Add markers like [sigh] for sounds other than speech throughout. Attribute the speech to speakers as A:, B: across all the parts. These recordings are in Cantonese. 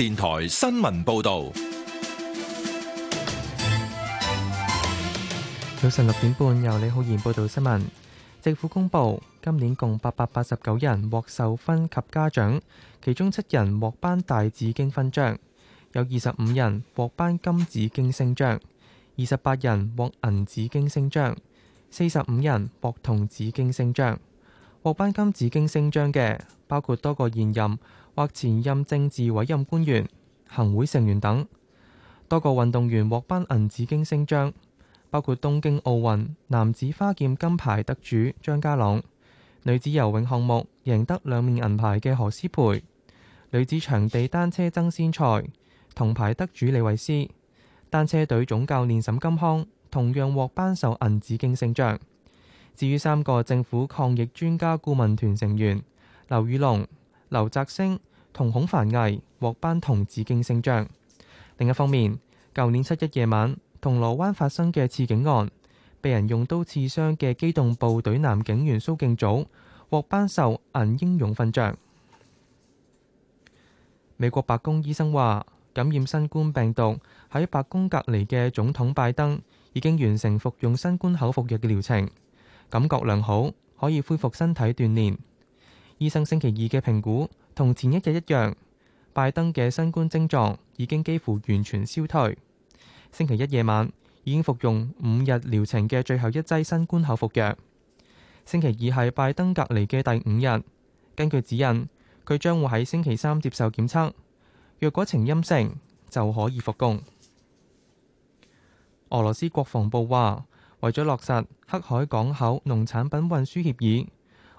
A: 電台新聞報道，
B: 早晨六點半，由李浩然報道新聞。政府公布今年共八百八十九人獲授勳及嘉獎，其中七人獲頒大紫荊勳章，有二十五人獲頒金紫荊星章，二十八人獲銀紫荊星章，四十五人獲銅紫荊星章。獲頒金紫荊星章嘅包括多個現任。或前任政治委任官員行會成員等，多個運動員獲頒銀紫荊星章，包括東京奧運男子花劍金牌得主張家朗、女子游泳項目贏得兩面銀牌嘅何詩蓓、女子場地單車爭先賽銅牌得主李慧詩、單車隊總教練沈金康，同樣獲頒授銀紫荊星章。至於三個政府抗疫專家顧問團成員劉宇龍、劉澤星。同孔繁毅獲頒銅紫荊星章。另一方面，舊年七一夜晚銅鑼灣發生嘅刺警案，被人用刀刺傷嘅機動部隊男警員蘇敬祖獲頒授銀英勇勳章。美國白宮醫生話，感染新冠病毒喺白宮隔離嘅總統拜登已經完成服用新冠口服藥嘅療程，感覺良好，可以恢復身體鍛煉。醫生星期二嘅評估。同前一日一樣，拜登嘅新冠症狀已經幾乎完全消退。星期一夜晚已經服用五日療程嘅最後一劑新冠口服藥。星期二係拜登隔離嘅第五日，根據指引，佢將會喺星期三接受檢測，若果呈陰性就可以復工。俄羅斯國防部話，為咗落實黑海港口農產品運輸協議，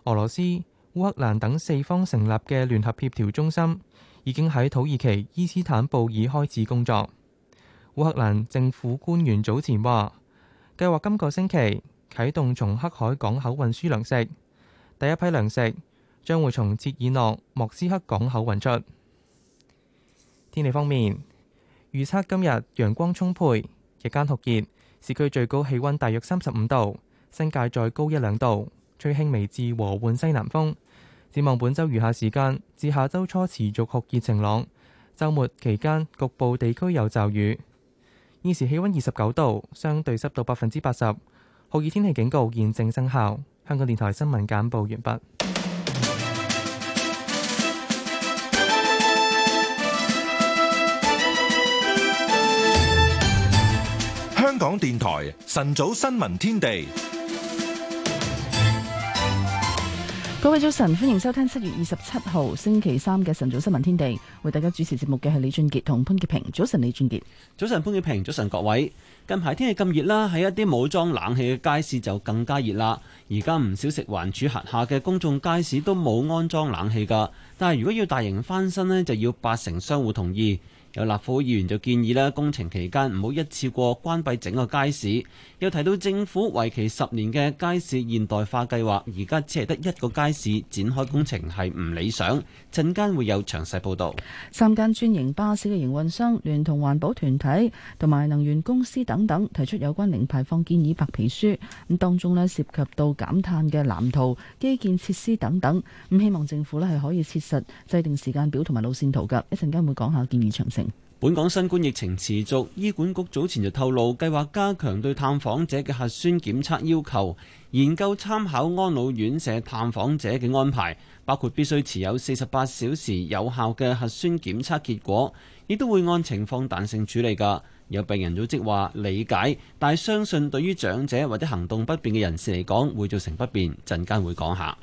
B: 俄羅斯、烏克蘭等四方成立嘅聯合協調中心已經喺土耳其伊斯坦布爾開始工作。烏克蘭政府官員早前話，計劃今個星期啟動從黑海港口運輸糧食，第一批糧食將會從切爾諾莫斯克港口運出。天氣方面，預測今日陽光充沛，日間酷熱，市區最高氣温大約三十五度，新界再高一兩度，吹輕微至和緩西南風。展望本周餘下時間至下周初持續酷熱晴朗，周末期間局部地區有驟雨。現時氣溫二十九度，相對濕度百分之八十，酷熱天氣警告現正生效。香港電台新聞簡報完畢。
A: 香港電台晨早新聞天地。
C: 各位早晨，歡迎收聽七月二十七號星期三嘅晨早新聞天地。為大家主持節目嘅係李俊杰同潘潔平。早晨，李
D: 俊杰。早晨，潘潔平。早晨各位。近排天氣咁熱啦，喺一啲冇裝冷氣嘅街市就更加熱啦。而家唔少食環署轄下嘅公眾街市都冇安裝冷氣噶，但係如果要大型翻新呢，就要八成商戶同意。有立法會議員就建議咧，工程期間唔好一次過關閉整個街市，又提到政府為期十年嘅街市現代化計劃，而家只係得一個街市展開工程係唔理想。陣間會有詳細報道。
C: 三間專營巴士嘅營運商聯同環保團體同埋能源公司等等提出有關零排放建議白皮書，咁當中咧，涉及到減碳嘅藍圖、基建設施等等，咁希望政府咧，係可以切實制定時間表同埋路線圖㗎。一陣間會講下建議詳細。
D: 本港新冠疫情持續，醫管局早前就透露計劃加強對探訪者嘅核酸檢測要求，研究參考安老院舍探訪者嘅安排，包括必須持有四十八小時有效嘅核酸檢測結果，亦都會按情況彈性處理噶，有病人組織話理解，但係相信對於長者或者行動不便嘅人士嚟講，會造成不便。陣間會講下。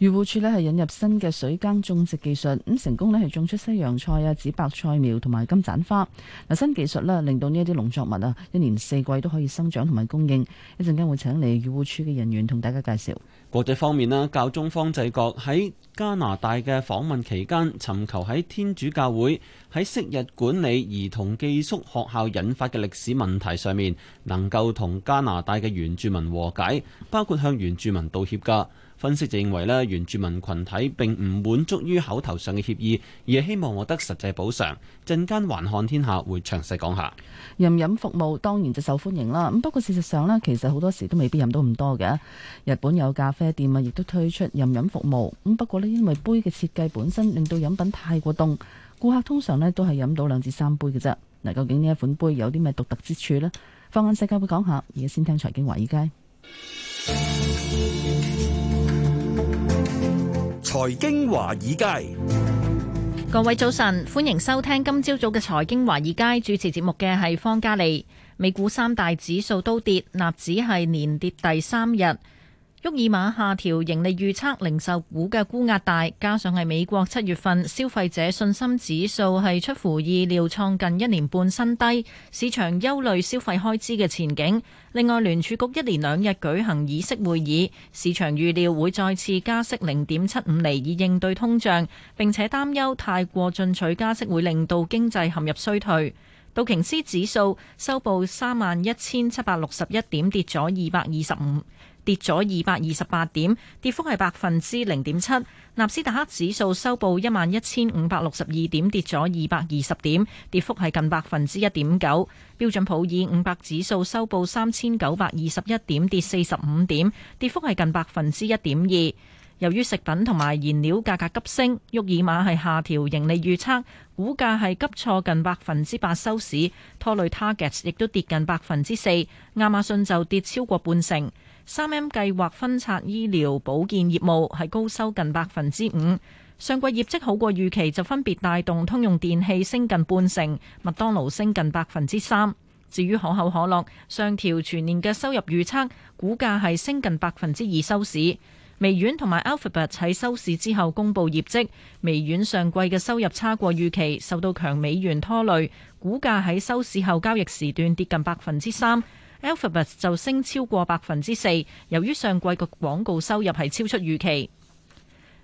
C: 漁護署咧，係引入新嘅水耕種植技術，咁成功咧，係種出西洋菜啊、紫白菜苗同埋金盞花。嗱，新技術咧，令到呢一啲農作物啊，一年四季都可以生長同埋供應。一陣間會請嚟漁護署嘅人員同大家介紹。
D: 國際方面啦，教宗方濟各喺加拿大嘅訪問期間，尋求喺天主教會喺昔日管理兒童寄宿學校引發嘅歷史問題上面，能夠同加拿大嘅原住民和解，包括向原住民道歉噶。分析就認為原住民群體並唔滿足於口頭上嘅協議，而係希望獲得實際補償。陣間環看天下會詳細講下。
C: 任飲服務當然就受歡迎啦。不過事實上咧，其實好多時都未必飲到咁多嘅。日本有咖啡店啊，亦都推出任飲服務。咁不過呢因為杯嘅設計本身令到飲品太過凍，顧客通常咧都係飲到兩至三杯嘅啫。嗱，究竟呢一款杯有啲咩獨特之處呢？放眼世界會講下。而家先聽財經華爾街。
A: 財經華爾
E: 街，
F: 各位早晨，歡迎收聽今朝早嘅財經華爾街主持節目嘅係方嘉利。美股三大指數都跌，納指係連跌第三日。沃爾瑪下調盈利預測，零售股嘅沽壓大，加上係美國七月份消費者信心指數係出乎意料，創近一年半新低，市場憂慮消費開支嘅前景。另外，聯儲局一連兩日舉行議息會議，市場預料會再次加息零點七五厘以應對通脹，並且擔憂太過進取加息會令到經濟陷入衰退。道瓊斯指數收報三萬一千七百六十一點，跌咗二百二十五，跌咗二百二十八點，跌幅係百分之零點七。納斯達克指數收報一萬一千五百六十二點，跌咗二百二十點，跌幅係近百分之一點九。標準普爾五百指數收報三千九百二十一點，跌四十五點，跌幅係近百分之一點二。由於食品同埋燃料價格急升，沃爾瑪係下調盈利預測，股價係急挫近百分之八收市，拖累 Target 亦都跌近百分之四，亞馬遜就跌超過半成。三 M 計劃分拆醫療保健業務，係高收近百分之五。上季業績好過預期，就分別帶動通用電器升近半成，麥當勞升近百分之三。至於可口可樂上調全年嘅收入預測，股價係升近百分之二收市。微軟同埋 Alphabet 喺收市之後公布業績，微軟上季嘅收入差過預期，受到強美元拖累，股價喺收市後交易時段跌近百分之三。Alphabet 就升超過百分之四，由於上季嘅廣告收入係超出預期。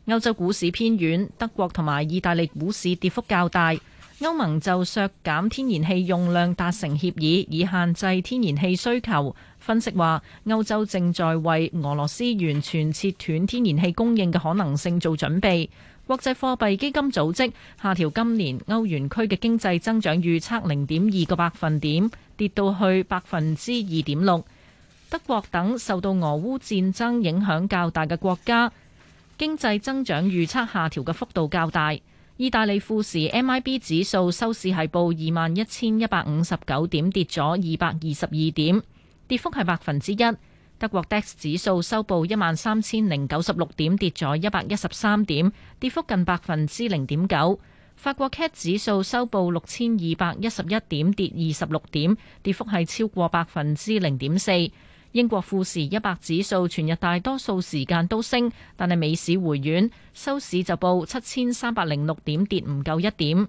F: 歐洲股市偏軟，德國同埋意大利股市跌幅較大。歐盟就削減天然氣用量達成協議，以限制天然氣需求。分析話，歐洲正在為俄羅斯完全切斷天然氣供應嘅可能性做準備。國際貨幣基金組織下調今年歐元區嘅經濟增長預測零點二個百分點。跌到去百分之二點六，德國等受到俄烏戰爭影響較大嘅國家，經濟增長預測下調嘅幅度較大。意大利富時 MIB 指數收市係報二萬一千一百五十九點，跌咗二百二十二點，跌幅係百分之一。德國 DAX 指數收報一萬三千零九十六點，跌咗一百一十三點，跌幅近百分之零點九。法國 CAC 指數收報六千二百一十一點，跌二十六點，跌幅係超過百分之零點四。英國富時一百指數全日大多數時間都升，但係美市回軟，收市就報七千三百零六點，跌唔夠一點。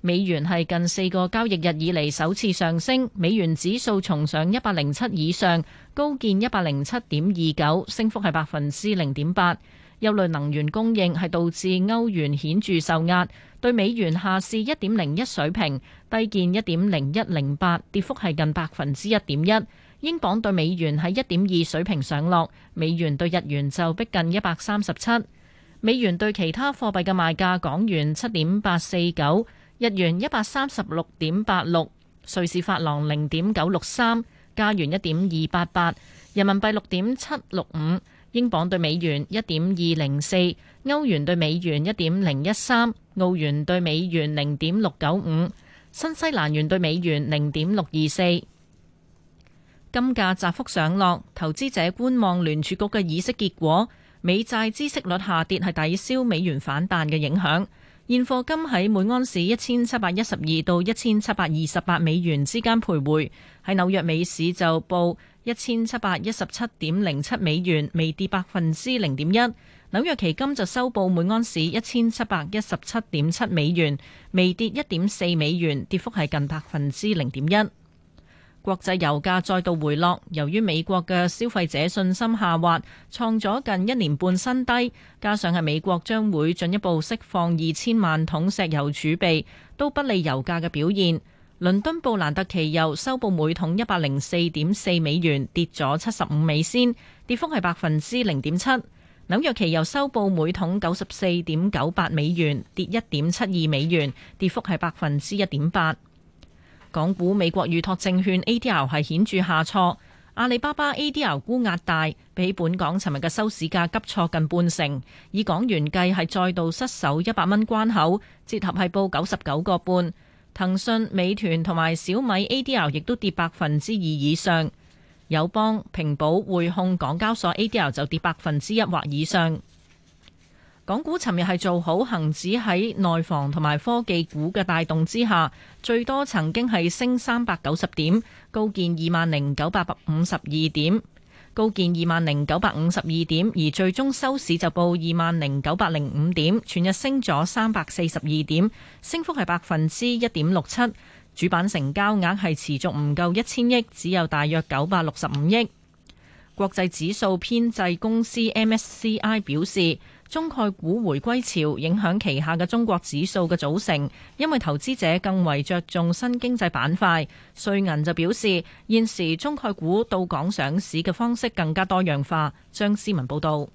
F: 美元係近四個交易日以嚟首次上升，美元指數重上一百零七以上，高見一百零七點二九，升幅係百分之零點八。憂慮能源供應係導致歐元顯著受壓，對美元下試一點零一水平，低見一點零一零八，跌幅係近百分之一點一。英鎊對美元喺一點二水平上落，美元對日元就逼近一百三十七。美元對其他貨幣嘅賣價：港元七點八四九，日元一百三十六點八六，瑞士法郎零點九六三，加元一點二八八，人民幣六點七六五。英鎊兌美元一點二零四，歐元兌美元一點零一三，澳元兌美元零點六九五，新西蘭元兌美元零點六二四。金價窄幅上落，投資者觀望聯儲局嘅議息結果。美債孳息率下跌係抵消美元反彈嘅影響。現貨金喺每盎司一千七百一十二到一千七百二十八美元之間徘徊。喺紐約美市就報。一千七百一十七點零七美元，微跌百分之零點一。紐約期金就收報每安士一千七百一十七點七美元，微跌一點四美元，跌幅係近百分之零點一。國際油價再度回落，由於美國嘅消費者信心下滑，創咗近一年半新低，加上係美國將會進一步釋放二千萬桶石油儲備，都不利油價嘅表現。倫敦布蘭特期油收報每桶一百零四點四美元，跌咗七十五美仙，跌幅係百分之零點七。紐約期油收報每桶九十四點九八美元，跌一點七二美元，跌幅係百分之一點八。港股美國預託證券 ADR 係顯著下挫，阿里巴巴 ADR 沽壓大，比起本港尋日嘅收市價急挫近半成，以港元計係再度失守一百蚊關口，折合係報九十九個半。騰訊、美團同埋小米 ADR 亦都跌百分之二以上，友邦、平保、匯控、港交所 ADR 就跌百分之一或以上。港股尋日係做好，恒指喺內房同埋科技股嘅帶動之下，最多曾經係升三百九十點，高見二萬零九百五十二點。高見二萬零九百五十二點，而最終收市就報二萬零九百零五點，全日升咗三百四十二點，升幅係百分之一點六七。主板成交額係持續唔夠一千億，只有大約九百六十五億。國際指數編製公司 MSCI 表示，中概股回歸潮影響旗下嘅中國指數嘅組成，因為投資者更為着重新經濟板塊，瑞銀就表示，現時中概股到港上市嘅方式更加多樣化。張思文報道。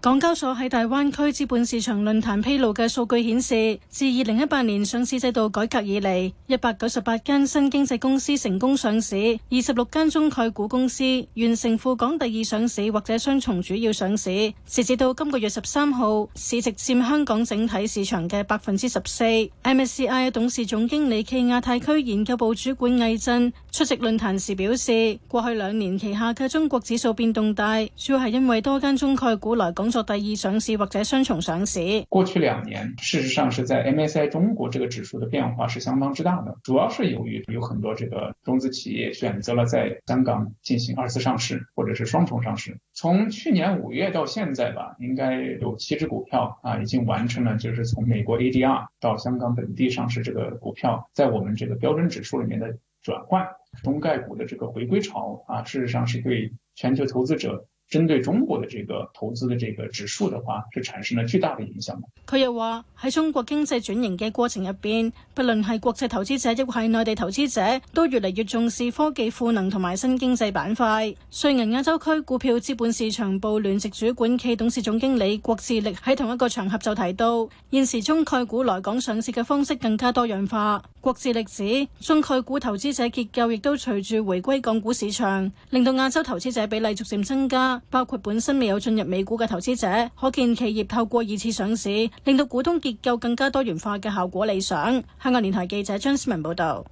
G: 港交所喺大灣區資本市場論壇披露嘅數據顯示，自二零一八年上市制度改革以嚟，一百九十八間新經濟公司成功上市，二十六間中概股公司完成赴港第二上市或者雙重主要上市，截至到今個月十三號，市值佔香港整體市場嘅百分之十四。MSCI 董事總經理暨亞太區研究部主管魏振出席論壇時表示，過去兩年旗下嘅中國指數變動大，主要係因為多間中概股來港。工作第二上市或者雙重上市。
H: 過去兩年，事實上是在 m s i 中國這個指數的變化是相當之大的，主要是由於有很多這個中資企業選擇了在香港進行二次上市或者是雙重上市。從去年五月到現在吧，應該有七隻股票啊，已經完成了就是從美國 ADR 到香港本地上市這個股票在我們這個標準指數裏面的轉換。中概股的這個回歸潮啊，事實上是對全球投資者。針對中國的這個投資的這個指數的話，是產生了巨大的影響。
G: 佢又話喺中國經濟轉型嘅過程入邊，不論係國際投資者亦或係內地投資者，都越嚟越重視科技賦能同埋新經濟板塊。瑞銀亞洲區股票資本市場部聯席主管暨董事總經理郭志力喺同一個場合就提到，現時中概股來港上市嘅方式更加多樣化。郭志力指，中概股投資者結構亦都隨住回歸港股市場，令到亞洲投資者比例逐漸增加。包括本身未有進入美股嘅投資者，可見企業透過二次上市，令到股東結構更加多元化嘅效果理想。香港電台記者張思文報道。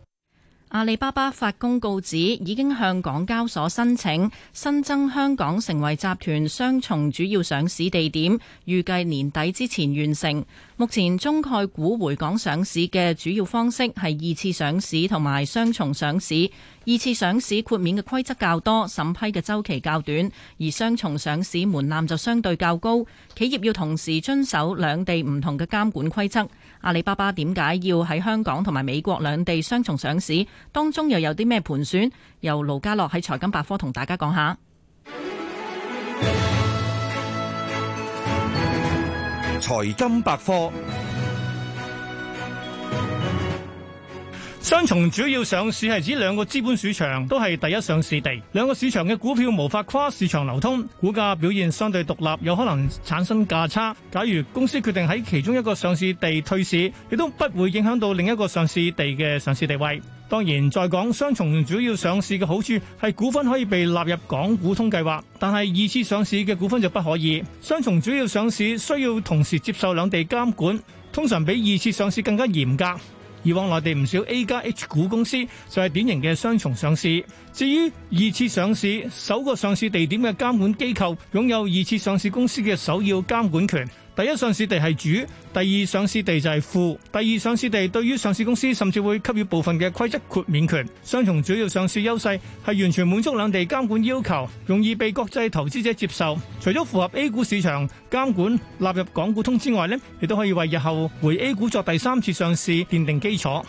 F: 阿里巴巴發公告指，已經向港交所申請新增香港成為集團雙重主要上市地點，預計年底之前完成。目前中概股回港上市嘅主要方式係二次上市同埋雙重上市。二次上市豁免嘅規則較多，審批嘅週期較短，而雙重上市門檻就相對較高，企業要同時遵守兩地唔同嘅監管規則。阿里巴巴點解要喺香港同埋美國兩地雙重上市？當中又有啲咩盤算？由盧家樂喺財金百科同大家講下。
I: 財金百科。雙重主要上市係指兩個資本市場都係第一上市地，兩個市場嘅股票無法跨市場流通，股價表現相對獨立，有可能產生價差。假如公司決定喺其中一個上市地退市，亦都不會影響到另一個上市地嘅上市地位。當然，再講雙重主要上市嘅好處係股份可以被納入港股通計劃，但係二次上市嘅股份就不可以。雙重主要上市需要同時接受兩地監管，通常比二次上市更加嚴格。以往內地唔少 A 加 H 股公司就係典型嘅雙重上市。至於二次上市，首個上市地點嘅監管機構擁有二次上市公司嘅首要監管權。第一上市地係主，第二上市地就係副。第二上市地對於上市公司甚至會給予部分嘅規則豁免權。雙重主要上市優勢，係完全滿足兩地監管要求，容易被國際投資者接受。除咗符合 A 股市場監管納入港股通之外，咧亦都可以為日後回 A 股作第三次上市奠定基礎。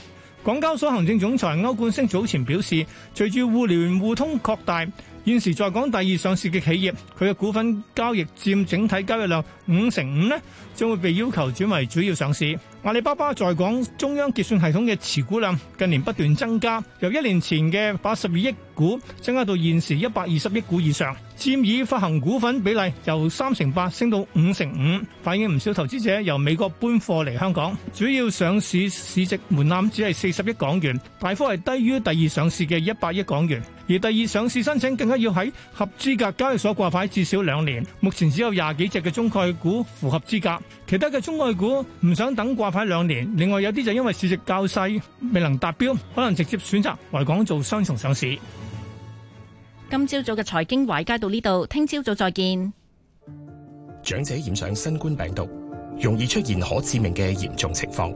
I: 港交所行政總裁歐冠升早前表示，隨住互聯互通擴大。現時在港第二上市嘅企業，佢嘅股份交易佔整體交易量五成五咧，將會被要求轉為主要上市。阿里巴巴在港中央結算系統嘅持股量近年不斷增加，由一年前嘅八十二億。股增加到現時一百二十億股以上，佔已發行股份比例由三成八升到五成五，反映唔少投資者由美國搬貨嚟香港。主要上市市值門檻只係四十億港元，大幅係低於第二上市嘅一百億港元。而第二上市申請更加要喺合資格交易所掛牌至少兩年。目前只有廿幾隻嘅中概股符合資格，其他嘅中概股唔想等掛牌兩年。另外有啲就因為市值較細未能達標，可能直接選
E: 擇回港做雙重上市。
F: 今朝早嘅財經華爾街到呢度，聽朝早再見。
E: 長者染上新冠病毒，容易出現可致命嘅嚴重情況，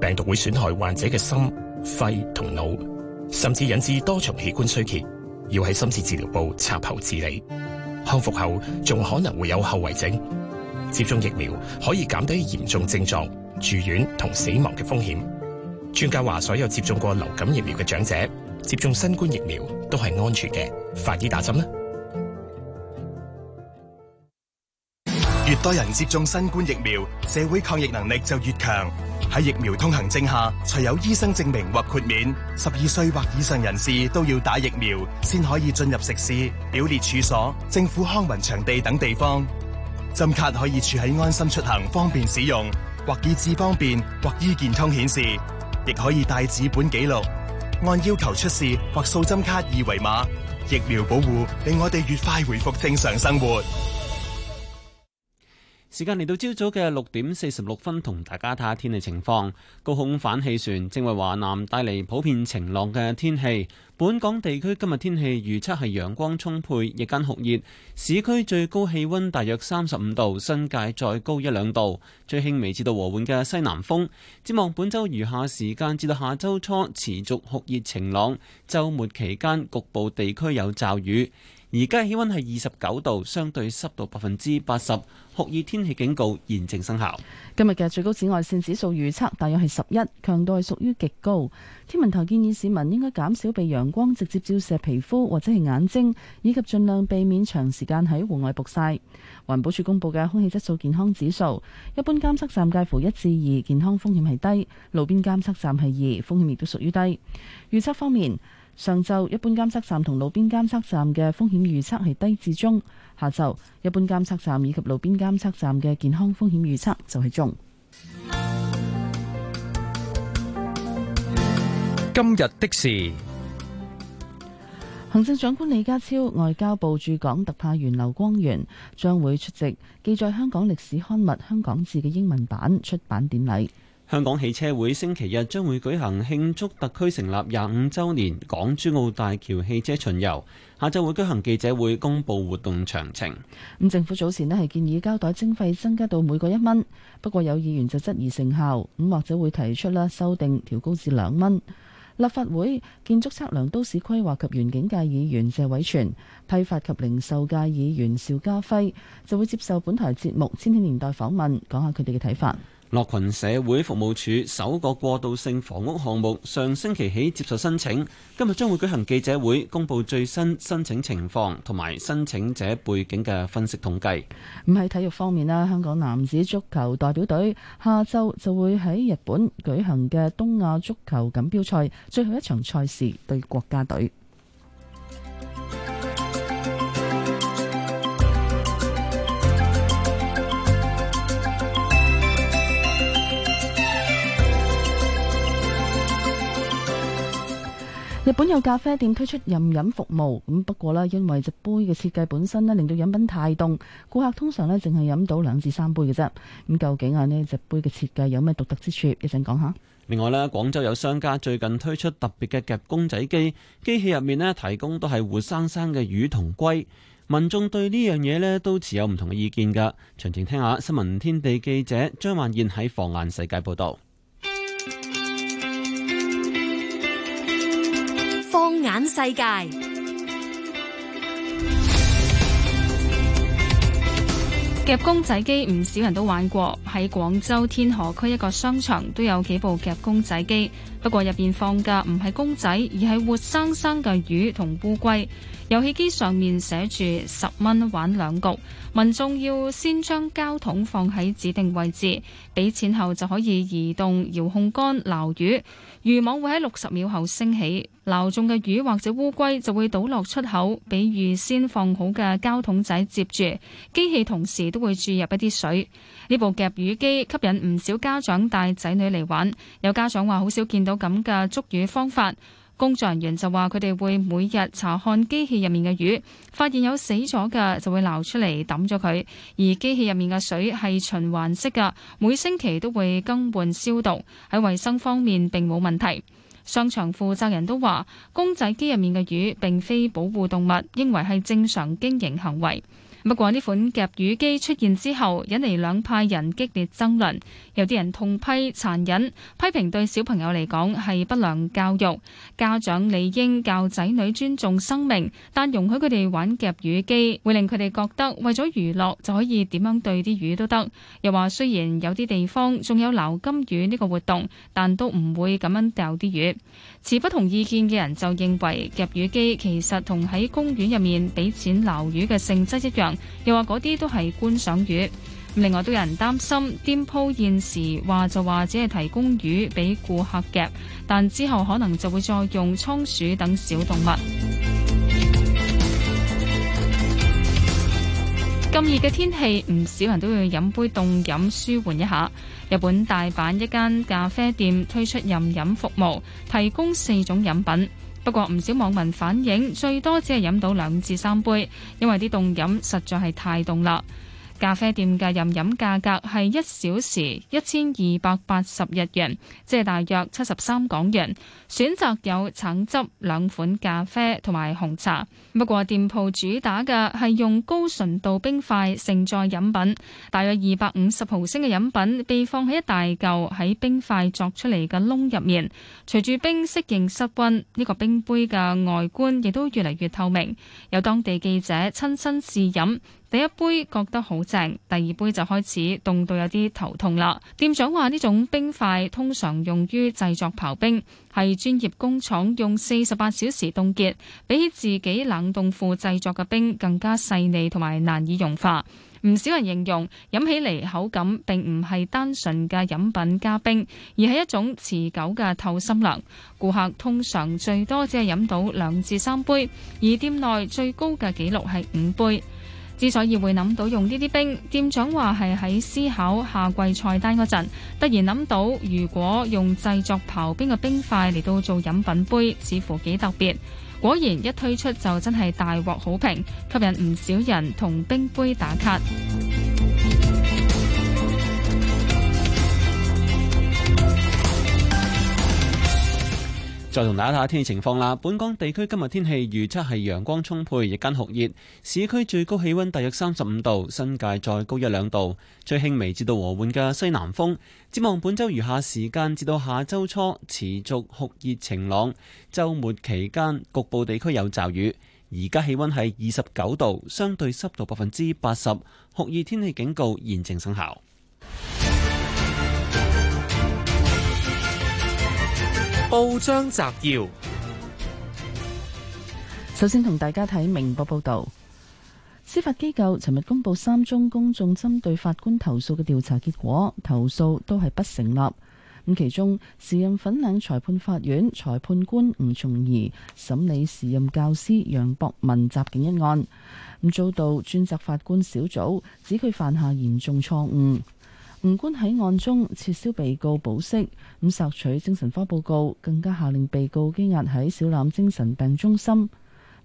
E: 病毒會損害患者嘅心、肺同腦，甚至引致多重器官衰竭，要喺深切治療部插喉治理。康復後仲可能會有後遺症。接種疫苗可以減低嚴重症狀、住院同死亡嘅風險。專家話，所有接種過流感疫苗嘅長者。接種新冠疫苗都係安全嘅，快啲打針啦！
J: 越多人接種新冠疫苗，社會抗疫能力就越強。喺疫苗通行證下，除有醫生證明或豁免，十二歲或以上人士都要打疫苗，先可以進入食肆、表列處所、政府康文場地等地方。針卡可以儲喺安心出行方便使用，或以智方便，或醫健通顯示，亦可以帶紙本記錄。按要求出示或掃針卡二維碼，疫苗保護令我哋越快回復
D: 正常生活。時間嚟到朝早嘅六點四十六分，同大家睇下天氣情況。高空反氣旋正為華南帶嚟普遍晴朗嘅天氣。本港地區今日天氣預測係陽光充沛，日間酷熱。市區最高氣温大約三十五度，新界再高一兩度。最輕微至到和緩嘅西南風。展望本週餘下時間至到下周初持續酷熱晴朗。週末期間局部地區有驟雨。而家嘅氣溫係二十九度，相對濕度百分之八十，酷熱天氣警告現正生效。
C: 今日嘅最高紫外線指數預測大約係十一，強度係屬於極高。天文台建議市民應該減少被陽光直接照射皮膚或者係眼睛，以及盡量避免長時間喺戶外曝曬。環保署公布嘅空氣質素健康指數，一般監測站介乎一至二，健康風險係低；路邊監測站係二，風險亦都屬於低。預測方面。上晝一般監測站同路邊監測站嘅風險預測係低至中，下晝一般監測站以及路邊監測站嘅健康風險預測就係中。
B: 今日的事，
C: 行政長官李家超、外交部駐港特派員劉光源將會出席記載香港歷史刊物《香港志》嘅英文版出
D: 版典禮。香港汽車會星期日將會舉行慶祝特區成立廿五週年港珠澳大橋汽車巡遊，下晝會舉行記者會公佈活動詳情。
C: 政府早前呢係建議膠袋徵費增加到每個一蚊，不過有議員就質疑成效，咁或者會提出啦修訂調高至兩蚊。立法會建築測量都市規劃及園景界議員謝偉全、批發及零售界議員邵家輝就會接受本台節目《千禧年代》訪問，講下佢哋嘅睇法。
D: 樂群社會服務處首個過渡性房屋項目上星期起接受申請，今日將會舉行記者會公布最新申請情況同埋申請者背景嘅分析統計。
C: 咁喺體育方面咧，香港男子足球代表隊下周就會喺日本舉行嘅東亞足球錦標賽最後一場賽事對國家隊。日本有咖啡店推出任飲服務，咁不過呢，因為隻杯嘅設計本身咧，令到飲品太凍，顧客通常咧淨係飲到兩至三杯嘅啫。咁究竟啊，呢隻杯嘅設計有咩獨特之處？一陣講下。
D: 另外呢，廣州有商家最近推出特別嘅夾公仔機，機器入面呢提供都係活生生嘅魚同龜，民眾對呢樣嘢呢都持有唔同嘅意見㗎。詳情聽下新聞天地記者張萬燕喺《放眼世界》報道。
K: 放眼世界。夾公仔機唔少人都玩過。喺廣州天河區一個商場都有幾部夾公仔機，不過入面放嘅唔係公仔，而係活生生嘅魚同烏龜。遊戲機上面寫住十蚊玩兩局，民眾要先將膠桶放喺指定位置，俾錢後就可以移動遙控杆撈魚，魚網會喺六十秒後升起，撈中嘅魚或者烏龜就會倒落出口，俾預先放好嘅膠桶仔接住。機器同時都會注入一啲水。呢部夾魚機吸引唔少家長帶仔女嚟玩，有家長話好少見到咁嘅捉魚方法。工作人員就話佢哋會每日查看機器入面嘅魚，發現有死咗嘅就會撈出嚟抌咗佢。而機器入面嘅水係循環式噶，每星期都會更換消毒，喺衛生方面並冇問題。商場負責人都話，公仔機入面嘅魚並非保護動物，認為係正常經營行為。不過呢款夾魚機出現之後，引嚟兩派人激烈爭論。有啲人痛批殘忍，批評對小朋友嚟講係不良教育，家長理應教仔女尊重生命，但容許佢哋玩夾魚機，會令佢哋覺得為咗娛樂就可以點樣對啲魚都得。又話雖然有啲地方仲有撈金魚呢個活動，但都唔會咁樣釣啲魚。持不同意見嘅人就認為夾魚機其實同喺公園入面俾錢撈魚嘅性質一樣。又話嗰啲都係觀賞魚，另外都有人擔心，店鋪現時話就話只係提供魚俾顧客夾，但之後可能就會再用倉鼠等小動物。咁熱嘅天氣唔少人都要飲杯凍飲舒緩一下。日本大阪一間咖啡店推出任飲，飲服務，提供四種飲品。不過唔少網民反映，最多只係飲到兩至三杯，因為啲凍飲實在係太凍啦。咖啡店嘅任飲價格係一小時一千二百八十日元，即係大約七十三港元。選擇有橙汁兩款咖啡同埋紅茶。不過店鋪主打嘅係用高純度冰塊盛載飲品，大約二百五十毫升嘅飲品被放喺一大嚿喺冰塊作出嚟嘅窿入面。隨住冰適應室温，呢個冰杯嘅外觀亦都越嚟越透明。有當地記者親身試飲。第一杯覺得好正，第二杯就開始凍到有啲頭痛啦。店長話：呢種冰塊通常用於製作刨冰，係專業工廠用四十八小時凍結，比起自己冷凍庫製作嘅冰更加細膩同埋難以融化。唔少人形容飲起嚟口感並唔係單純嘅飲品加冰，而係一種持久嘅透心涼。顧客通常最多只係飲到兩至三杯，而店內最高嘅紀錄係五杯。之所以會諗到用呢啲冰，店長話係喺思考下季菜單嗰陣，突然諗到如果用製作刨冰嘅冰塊嚟到做飲品杯，似乎幾特別。果然一推出就真係大獲好評，吸引唔少人同冰杯打卡。
D: 再同大家睇下天氣情況啦。本港地區今日天氣預測係陽光充沛，日間酷熱，市區最高氣溫大約三十五度，新界再高一兩度，最輕微至到和緩嘅西南風。展望本周餘下時間至到下周初持續酷熱晴朗，週末期間局部地區有驟雨。而家氣溫係二十九度，相對濕度百分之八十，酷熱天氣警告現正生效。
L: 報章摘要，
C: 首先同大家睇明報報道，司法機構尋日公布三宗公眾針對法官投訴嘅調查結果，投訴都係不成立。咁其中，時任粉嶺裁判法院裁判官吳重儀審理時任教師楊博文襲警一案，遭到專責法官小組指佢犯下嚴重錯誤。吳官喺案中撤銷被告保釋，咁索取精神科報告，更加下令被告羈押喺小欖精神病中心。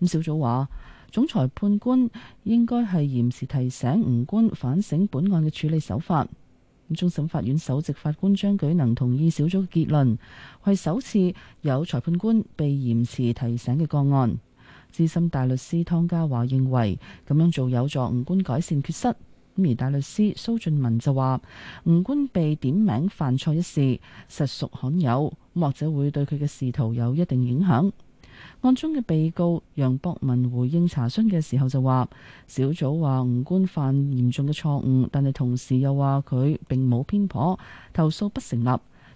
C: 咁小組話，總裁判官應該係延遲提醒吳官反省本案嘅處理手法。咁終審法院首席法官張舉能同意小組結論，為首次有裁判官被延遲提醒嘅個案。資深大律師湯家驊認為，咁樣做有助吳官改善缺失。而大律師蘇俊文就話，吳官被點名犯錯一事實屬罕有，或者會對佢嘅仕途有一定影響。案中嘅被告楊博文回應查詢嘅時候就話，小組話吳官犯嚴重嘅錯誤，但係同時又話佢並冇偏頗，投訴不成立，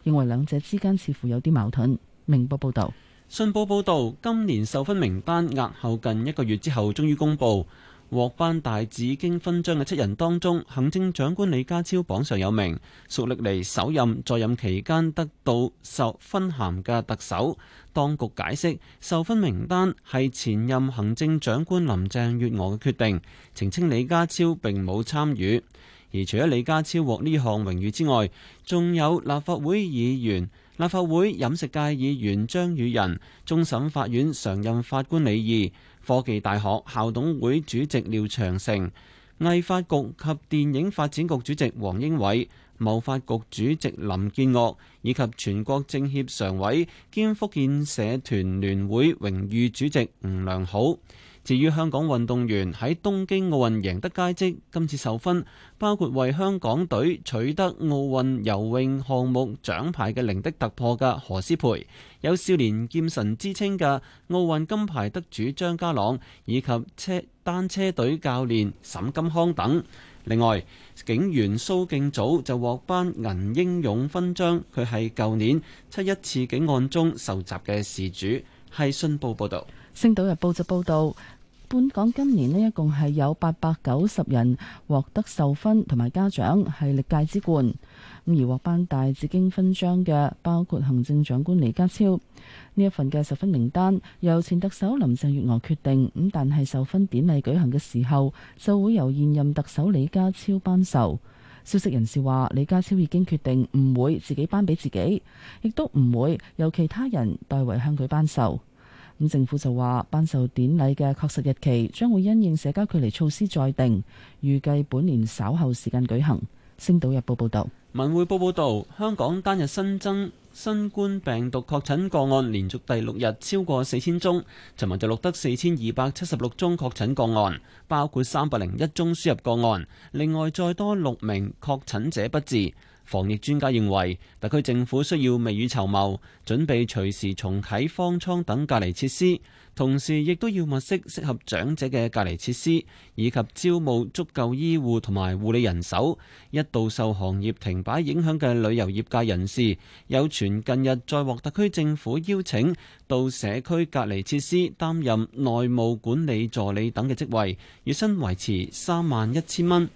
C: 認為兩者之間似乎有啲矛盾。明報報道，
D: 信報報道，今年授勳名單押後近一個月之後終於公布。獲頒大紫荊勳章嘅七人當中，行政長官李家超榜上有名，屬歷嚟首任在任期間得到受勳銜嘅特首。當局解釋，授勳名單係前任行政長官林鄭月娥嘅決定，澄清李家超並冇參與。而除咗李家超獲呢項榮譽之外，仲有立法會議員、立法會飲食界議員張宇人、終審法院常任法官李義。科技大學校董會主席廖長成、藝發局及電影發展局主席王英偉、貿發局主席林建岳，以及全國政協常委兼福建社團聯會榮譽主席吳良好。至於香港運動員喺東京奧運贏得佳績，今次受勳包括為香港隊取得奧運游泳項目獎牌嘅零的突破嘅何詩蓓，有少年劍神之稱嘅奧運金牌得主張家朗，以及車單車隊教練沈金康等。另外，警員蘇敬祖就獲頒銀英勇勳章，佢係舊年七一刺警案中受襲嘅事主。係信報報道。
C: 星島日報就報道，本港今年咧一共係有八百九十人獲得授勳同埋嘉獎，係歷屆之冠。咁而獲頒大紫荊勳章嘅，包括行政長官李家超。呢一份嘅授勳名單由前特首林鄭月娥決定。咁但係授勳典禮舉行嘅時候，就會由現任特首李家超頒授。消息人士話，李家超已經決定唔會自己頒俾自己，亦都唔會由其他人代為向佢頒授。咁政府就話頒授典禮嘅確實日期將會因應社交距離措施再定，預計本年稍後時間舉行。星島日報報道，
D: 文匯報報道，香港單日新增新冠病毒確診個案，連續第六日超過四千宗。尋日就錄得四千二百七十六宗確診個案，包括三百零一宗輸入個案，另外再多六名確診者不治。防疫專家認為，特區政府需要未雨綢繆，準備隨時重啟方艙等隔離設施，同時亦都要物色適合長者嘅隔離設施，以及招募足夠醫護同埋護理人手。一度受行業停擺影響嘅旅遊業界人士，有傳近日再獲特區政府邀請到社區隔離設施擔任內務管理助理等嘅職位，月薪維持三萬一千蚊。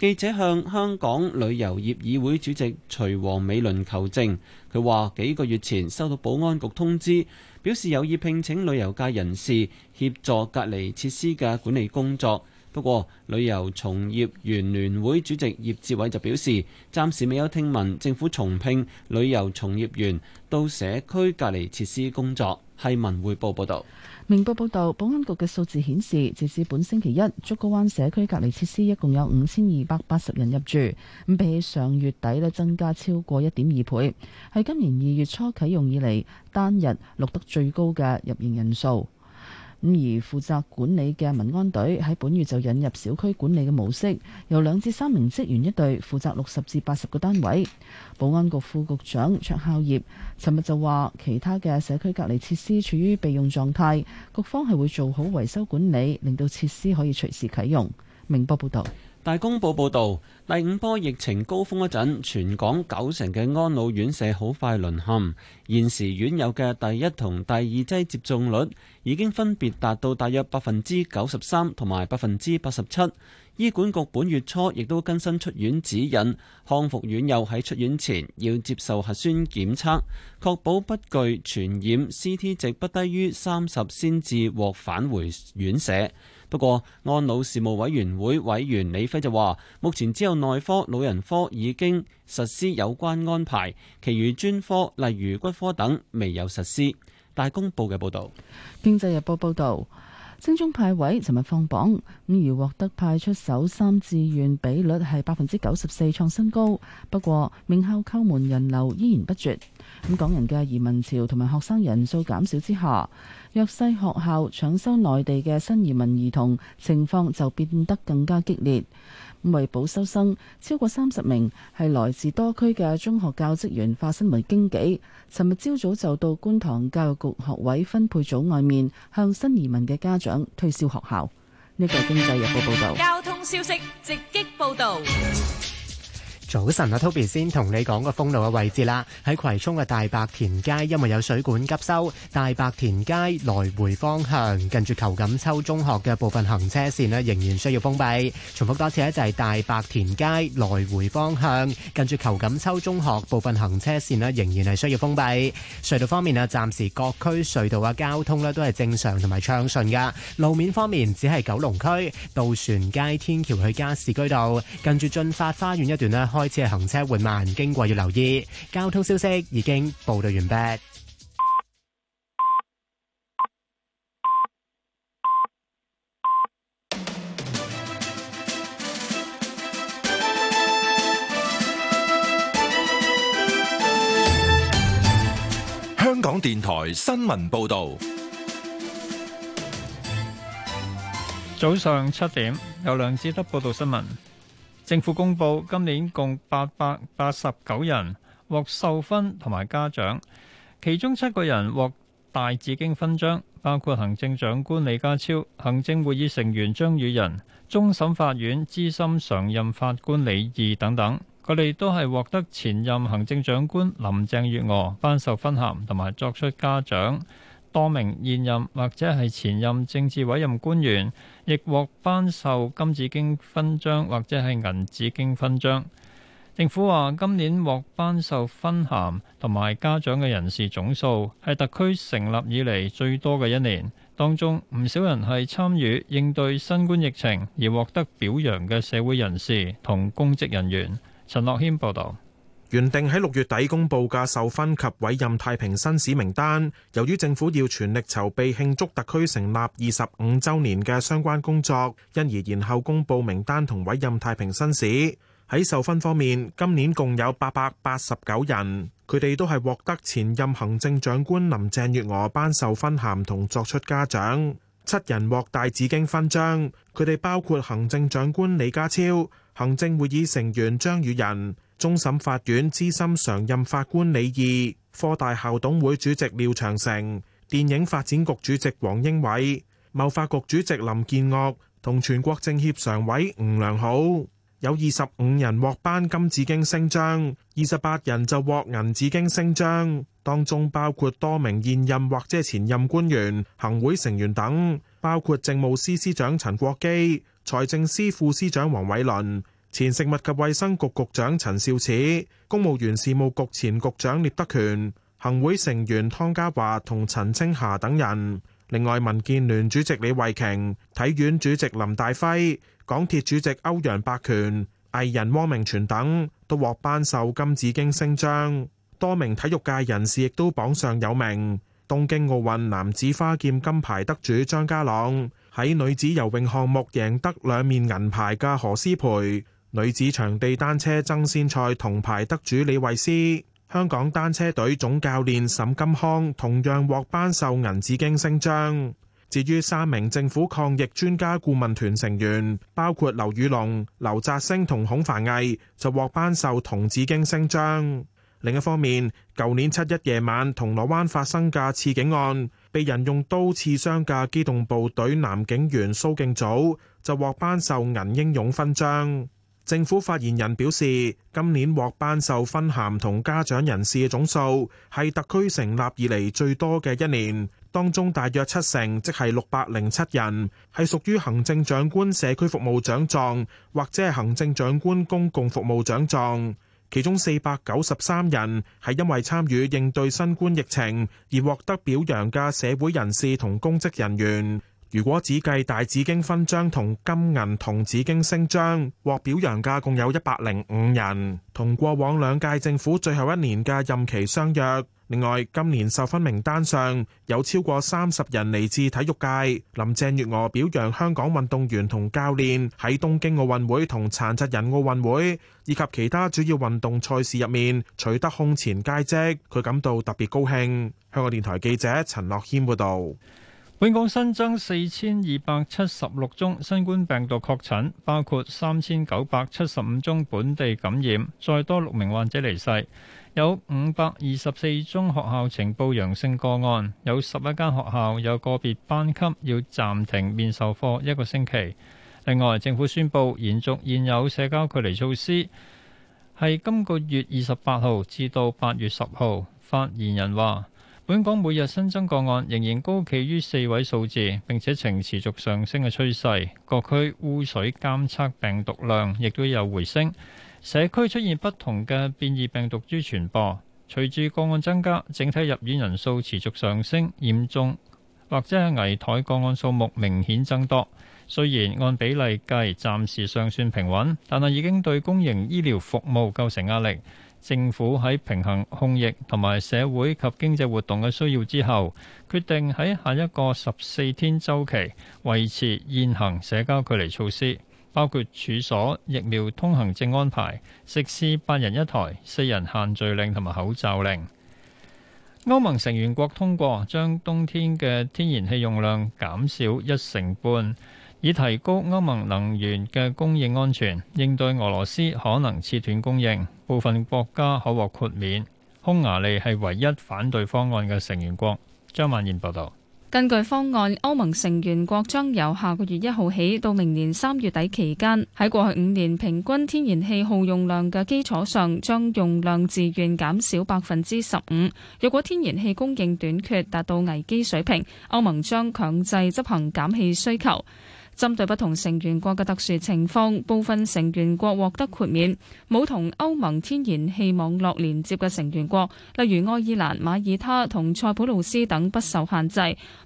D: 記者向香港旅遊業議會主席徐王美倫求證，佢話幾個月前收到保安局通知，表示有意聘請旅遊界人士協助隔離設施嘅管理工作。不過，旅遊從業員聯會主席葉志偉就表示，暫時未有聽聞政府重聘旅遊從業員到社區隔離設施工作。係文匯報報道。
C: 明報報導，保安局嘅數字顯示，截至本星期一，竹篙灣社區隔離設施一共有五千二百八十人入住，咁比起上月底咧，增加超過一點二倍，係今年二月初啟用以嚟單日錄得最高嘅入營人數。咁而負責管理嘅民安隊喺本月就引入小區管理嘅模式，由兩至三名職員一隊負責六十至八十個單位。保安局副局長卓孝業尋日就話，其他嘅社區隔離設施處於備用狀態，局方係會做好維修管理，令到設施可以隨時啟用。明報報道。
D: 大公報報導，第五波疫情高峰嗰陣，全港九成嘅安老院舍好快淪陷。現時院友嘅第一同第二劑接種率已經分別達到大約百分之九十三同埋百分之八十七。醫管局本月初亦都更新出院指引，康復院友喺出院前要接受核酸檢測，確保不具傳染，CT 值不低於三十先至獲返回院舍。不過，安老事務委員會委員李輝就話：目前只有內科、老人科已經實施有關安排，其餘專科例如骨科等未有實施。大公報嘅報導，
C: 《經濟日報》報導，升中派位尋日放榜，咁而獲得派出首三志願比率係百分之九十四，創新高。不過，名校叩門人流依然不絕。咁港人嘅移民潮同埋學生人數減少之下。弱勢學校搶收內地嘅新移民兒童，情況就變得更加激烈。為保收生，超過三十名係來自多區嘅中學教職員化身為經紀，尋日朝早就到觀塘教育局學位分配組外面，向新移民嘅家長推銷學校。呢個係《經濟日報》報道。
F: 交通消息直擊報道。
L: 早晨啊，Toby 先同你講個封路嘅位置啦，喺葵涌嘅大白田街，因為有水管急修，大白田街來回方向近住裘錦秋中學嘅部分行車線咧，仍然需要封閉。重複多次咧，就係大白田街來回方向近住裘錦秋中學部分行車線咧，仍然係需要封閉。隧道方面啊，暫時各區隧道啊交通咧都係正常同埋暢順噶。路面方面只係九龍區渡船街天橋去加士居道近住駿發花園一段咧，開始係行車緩慢，經過要留意交通消息。已經報道完畢。
A: 香港電台新聞報道，
M: 早上七點由梁志德報道新聞。政府公布今年共八百八十九人獲授勳同埋嘉獎，其中七個人獲大紫荊勳章，包括行政長官李家超、行政會議成員張宇仁、終審法院資深常任法官李義等等。佢哋都係獲得前任行政長官林鄭月娥頒授勳銜同埋作出嘉獎。多名現任或者係前任政治委任官員亦獲頒授金紫荊勳章或者係銀紫荊勳章。政府話今年獲頒授勳銜同埋嘉獎嘅人士總數係特區成立以嚟最多嘅一年，當中唔少人係參與應對新冠疫情而獲得表
J: 揚嘅社會人士同公職人員。陳樂軒報導。原定喺六月底公布嘅授勳及委任太平紳士名單，由於政府要全力籌備慶祝特區成立二十五周年嘅相關工作，因而延後公布名單同委任太平紳士。喺授勳方面，今年共有八百八十九人，佢哋都係獲得前任行政長官林鄭月娥頒授勳銜同作出嘉獎，七人獲大紫荊勳章，佢哋包括行政長官李家超、行政會議成員張宇人。終審法院資深常任法官李義、科大校董會主席廖長成、電影發展局主席王英偉、貿發局主席林建岳同全國政協常委吳良好，有二十五人獲頒金紫荊星章，二十八人就獲銀紫荊星章，當中包括多名現任或者前任官員、行會成員等，包括政務司司長陳國基、財政司副司長黃偉綸。前食物及衛生局局長陳肇始、公務員事務局前局長聶德權、行會成員湯家驊同陳清霞等人，另外民建聯主席李慧瓊、體院主席林大輝、港鐵主席歐陽伯權、藝人汪明荃等都獲頒授金紫荊星章。多名體育界人士亦都榜上有名。東京奧運男子花劍金牌得主張家朗，喺女子游泳項目贏得兩面銀牌嘅何詩蓓。女子場地單車爭先賽銅牌得主李慧詩，香港單車隊總教練沈金康同樣獲頒授銀紫荊星章。至於三名政府抗疫專家顧問團成員，包括劉宇龍、劉澤星同孔繁毅，就獲頒授銅紫荊星章。另一方面，舊年七一夜晚銅鑼灣發生嘅刺警案，被人用刀刺傷嘅機動部隊男警員蘇敬祖就獲頒授銀英勇勳章。政府發言人表示，今年獲頒授勳銜同嘉獎人士嘅總數係特區成立以嚟最多嘅一年，當中大約七成即係六百零七人，係屬於行政長官社區服務獎狀或者係行政長官公共服務獎狀，其中四百九十三人係因為參與應對新冠疫情而獲得表揚嘅社會人士同公職人員。如果只計大紫荊勳章同金銀銅紫荊星章獲表揚嘅共有一百零五人，同過往兩屆政府最後一年嘅任期相若。另外，今年授勳名單上有超過三十人嚟自體育界。林鄭月娥表揚香港運動員同教練，喺東京奧運會同殘疾人奧運會以及其他主要運動賽事入面取得空前佳績，佢感到特別高興。香港電台記者陳樂謙報道。本港新增四千二百七十六宗新冠病毒確診，包括
M: 三千九百七十五宗本地感染，再多六名患者離世。有五百二十四宗學校呈報陽性個案，有十一間學校有個別班級要暫停面授課一個星期。另外，政府宣布延續現有社交距離措施，係今個月二十八號至到八月十號。發言人話。本港每日新增個案仍然高企於四位數字，並且呈持續上升嘅趨勢，各區污水監測病毒量亦都有回升，社區出現不同嘅變異病毒株傳播。隨住個案增加，整體入院人數持續上升，嚴重或者係危殆個案數目明顯增多。雖然按比例計暫時尚算平穩，但係已經對公營醫療服務構成壓力。政府喺平衡控疫同埋社會及經濟活動嘅需要之後，決定喺下一個十四天周期維持現行社交距離措施，包括處所疫苗通行證安排、食肆八人一台、四人限聚令同埋口罩令。歐盟成員國通過將冬天嘅天然氣用量減少一成半。以提高歐盟能源嘅供應安全，應對俄羅斯可能切斷供應，部分國家可獲豁免。匈牙利係唯一反對方案嘅成員國。張曼燕報道。
K: 根據方案，歐盟成員國將由下個月一號起到明年三月底期間，喺過去五年平均天然氣耗用量嘅基礎上，將用量自願減少百分之十五。若果天然氣供應短缺達到危機水平，歐盟將強制執行減氣需求。針對不同成員國嘅特殊情況，部分成員國獲得豁免。冇同歐盟天然氣網絡連接嘅成員國，例如愛爾蘭、馬耳他同塞浦路斯等不受限制。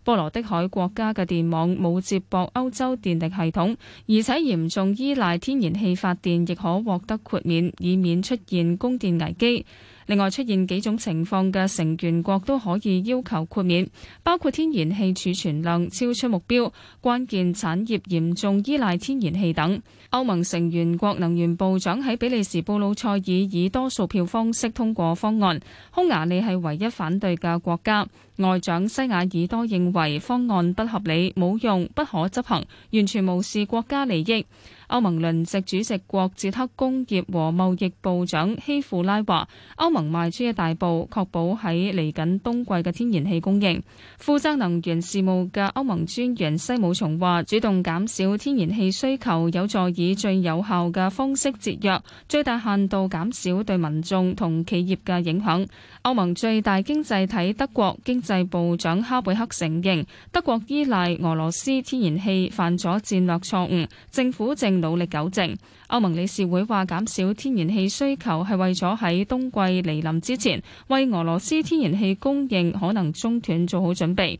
K: 波羅的海國家嘅電網冇接駁歐洲電力系統，而且嚴重依賴天然氣發電，亦可獲得豁免，以免出現供電危機。另外，出現幾種情況嘅成員國都可以要求豁免，包括天然氣儲存量超出目標、關鍵產業嚴重依賴天然氣等。歐盟成員國能源部長喺比利時布魯塞爾以多數票方式通過方案，匈牙利係唯一反對嘅國家。外長西亞爾多認為方案不合理、冇用、不可執行，完全無視國家利益。歐盟輪值主席國捷克工業和貿易部長希庫拉話：歐盟邁出一大步，確保喺嚟緊冬季嘅天然氣供應。負責能源事務嘅歐盟專員西姆松話：主動減少天然氣需求，有助以最有效嘅方式節約，最大限度減少對民眾同企業嘅影響。歐盟最大經濟體德國經濟部長哈貝克承認，德國依賴俄羅斯天然氣犯咗戰略錯誤，政府正努力糾正。歐盟理事會話，減少天然氣需求係為咗喺冬季來臨之前，為俄羅斯天然氣供應可能中斷做好準備。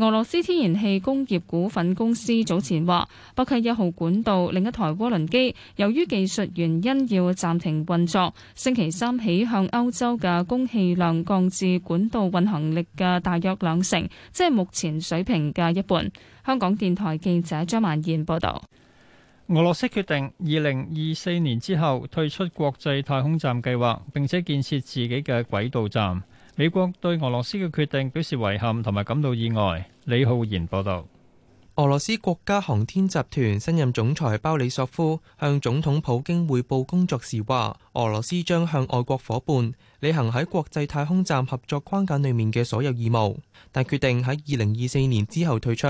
K: 俄羅斯天然氣工業股份公司早前話，北溪一號管道另一台渦輪機由於技術原因要暫停運作，星期三起向歐洲嘅供氣量降至管道運行力嘅大約兩成，即係目前水平嘅一半。香港電台記者張曼燕報道。
M: 俄羅斯決定二零二四年之後退出國際太空站計劃，並且建設自己嘅軌道站。美國對俄羅斯嘅決定表示遺憾同埋感到意外。李浩然報道，俄羅斯國家航天集團新任總裁鮑里索夫
B: 向總統普京匯報工作時話，俄羅斯將向外國伙伴履行喺國際太空站合作框架裏面嘅所有義務，但決定喺二零二四年之後退出。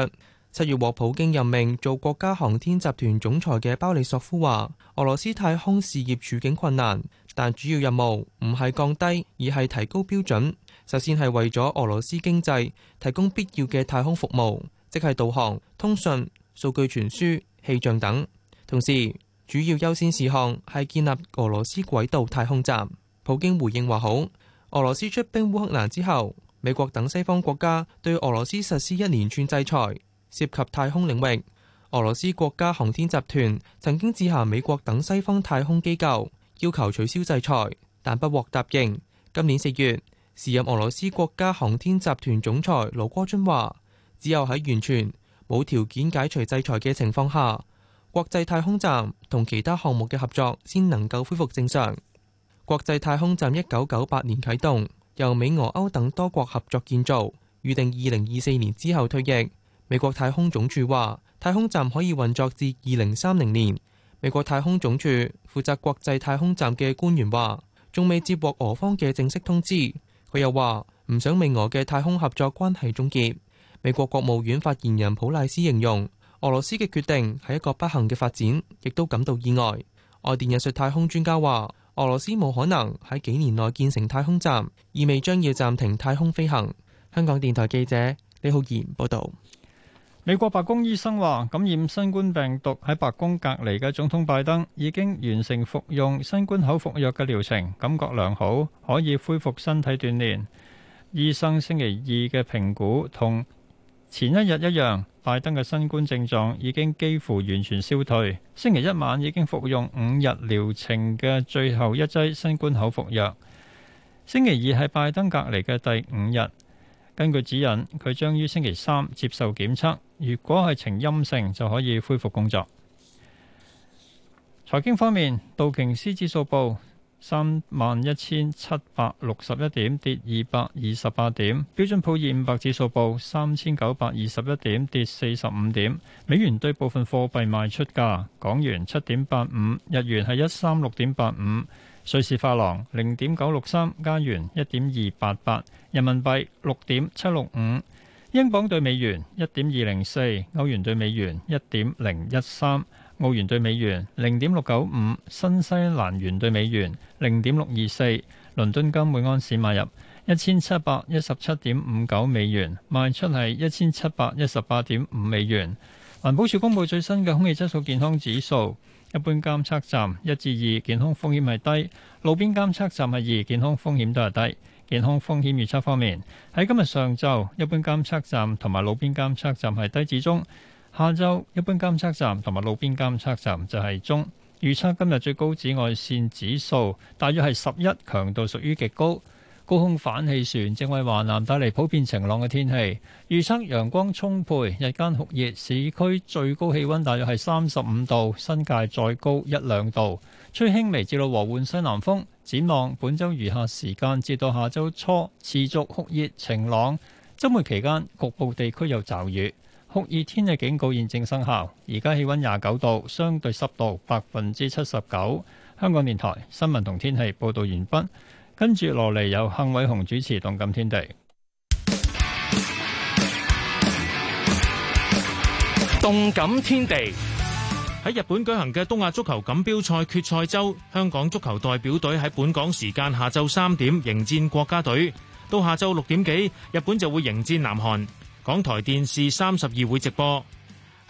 B: 七月獲普京任命做國家航天集團總裁嘅鮑里索夫話，俄羅斯太空事業處境困難。但主要任務唔係降低，而係提高標準，首先係為咗俄羅斯經濟提供必要嘅太空服務，即係導航、通訊、數據傳輸、氣象等。同時，主要優先事項係建立俄羅斯軌道太空站。普京回應話好。俄羅斯出兵烏克蘭之後，美國等西方國家對俄羅斯實施一連串制裁，涉及太空領域。俄羅斯國家航天集團曾經致函美國等西方太空機構。要求取消制裁，但不獲答應。今年四月，時任俄羅斯國家航天集團總裁羅戈津話，只有喺完全冇條件解除制裁嘅情況下，國際太空站同其他項目嘅合作先能夠恢復正常。國際太空站一九九八年啟動，由美俄歐等多國合作建造，預定二零二四年之後退役。美國太空總署話，太空站可以運作至二零三零年。美國太空總署負責國際太空站嘅官員話，仲未接獲俄方嘅正式通知。佢又話唔想美俄嘅太空合作關係終結。美國國務院發言人普賴斯形容，俄羅斯嘅決定係一個不幸嘅發展，亦都感到意外。外電引述太空專家話，俄羅斯冇可能喺幾年內建成太空站，意味將要暫停太空飛行。香港電台記者李浩然報道。
M: 美國白宮醫生話：感染新冠病毒喺白宮隔離嘅總統拜登已經完成服用新冠口服藥嘅療程，感覺良好，可以恢復身體鍛煉。醫生星期二嘅評估同前一日一樣，拜登嘅新冠症狀已經幾乎完全消退。星期一晚已經服用五日療程嘅最後一劑新冠口服藥。星期二係拜登隔離嘅第五日。根據指引，佢將於星期三接受檢測。如果係呈陰性，就可以恢復工作。財經方面，道瓊斯指數報三萬一千七百六十一點，跌二百二十八點；標準普爾五百指數報三千九百二十一點，跌四十五點。美元對部分貨幣賣出價，港元七點八五，日元係一三六點八五。瑞士法郎零點九六三，加元一點二八八，人民幣，六點七六五英鎊兌美元一點二零四，歐元兌美元一點零一三，澳元兌美元零點六九五，新西蘭元兌美元零點六二四，倫敦金每安士買入一千七百一十七點五九美元，賣出係一千七百一十八點五美元。環保署公布最新嘅空氣質素健康指數。一般監測站一至二，健康風險係低；路邊監測站係二，健康風險都係低。健康風險預測方面，喺今日上晝，一般監測站同埋路邊監測站係低至中；下晝，一般監測站同埋路邊監測站就係中。預測今日最高紫外線指數大約係十一，強度屬於極高。高空反氣旋正為華南帶嚟普遍晴朗嘅天氣，預測陽光充沛，日間酷熱，市區最高氣温大約係三十五度，新界再高一兩度，吹輕微至到和緩西南風。展望本週餘下時間至到下週初持續酷熱晴朗，周末期間局部地區有驟雨。酷熱天氣警告現正生效，而家氣温廿九度，相對濕度百分之七十九。香港電台新聞同天氣報導完畢。跟住落嚟，由幸偉雄主持《動感天地》。
E: 《動感天地》喺日本舉行嘅東亞足球錦標賽決賽周，香港足球代表隊喺本港時間下晝三點迎戰國家隊，到下晝六點幾，日本就會迎戰南韓。港台電視三十二會直播。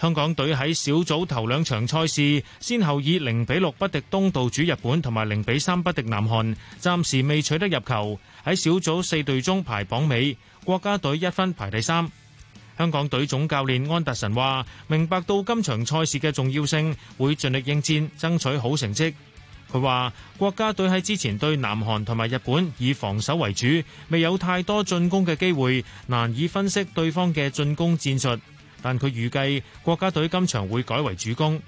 E: 香港隊喺小組頭兩場賽事，先後以零比六不敵東道主日本，同埋零比三不敵南韓，暫時未取得入球，喺小組四隊中排榜尾。國家隊一分排第三。香港隊總教練安達臣話明白到今場賽事嘅重要性，會盡力應戰，爭取好成績。佢話：國家隊喺之前對南韓同埋日本以防守為主，未有太多進攻嘅機會，難以分析對方嘅進攻戰術。但佢預計國家隊今場會改為主攻。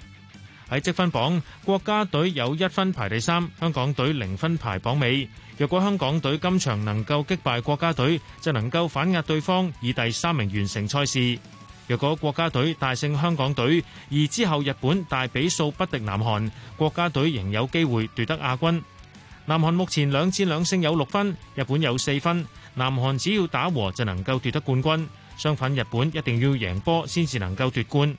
E: 喺積分榜，國家隊有一分排第三，香港隊零分排榜尾。若果香港隊今場能夠擊敗國家隊，就能夠反壓對方以第三名完成賽事。若果國家隊大勝香港隊，而之後日本大比數不敵南韓，國家隊仍有機會奪得亞軍。南韓目前兩戰兩勝有六分，日本有四分。南韓只要打和就能夠奪得冠軍。相反，日本一定要贏波先至能夠奪冠。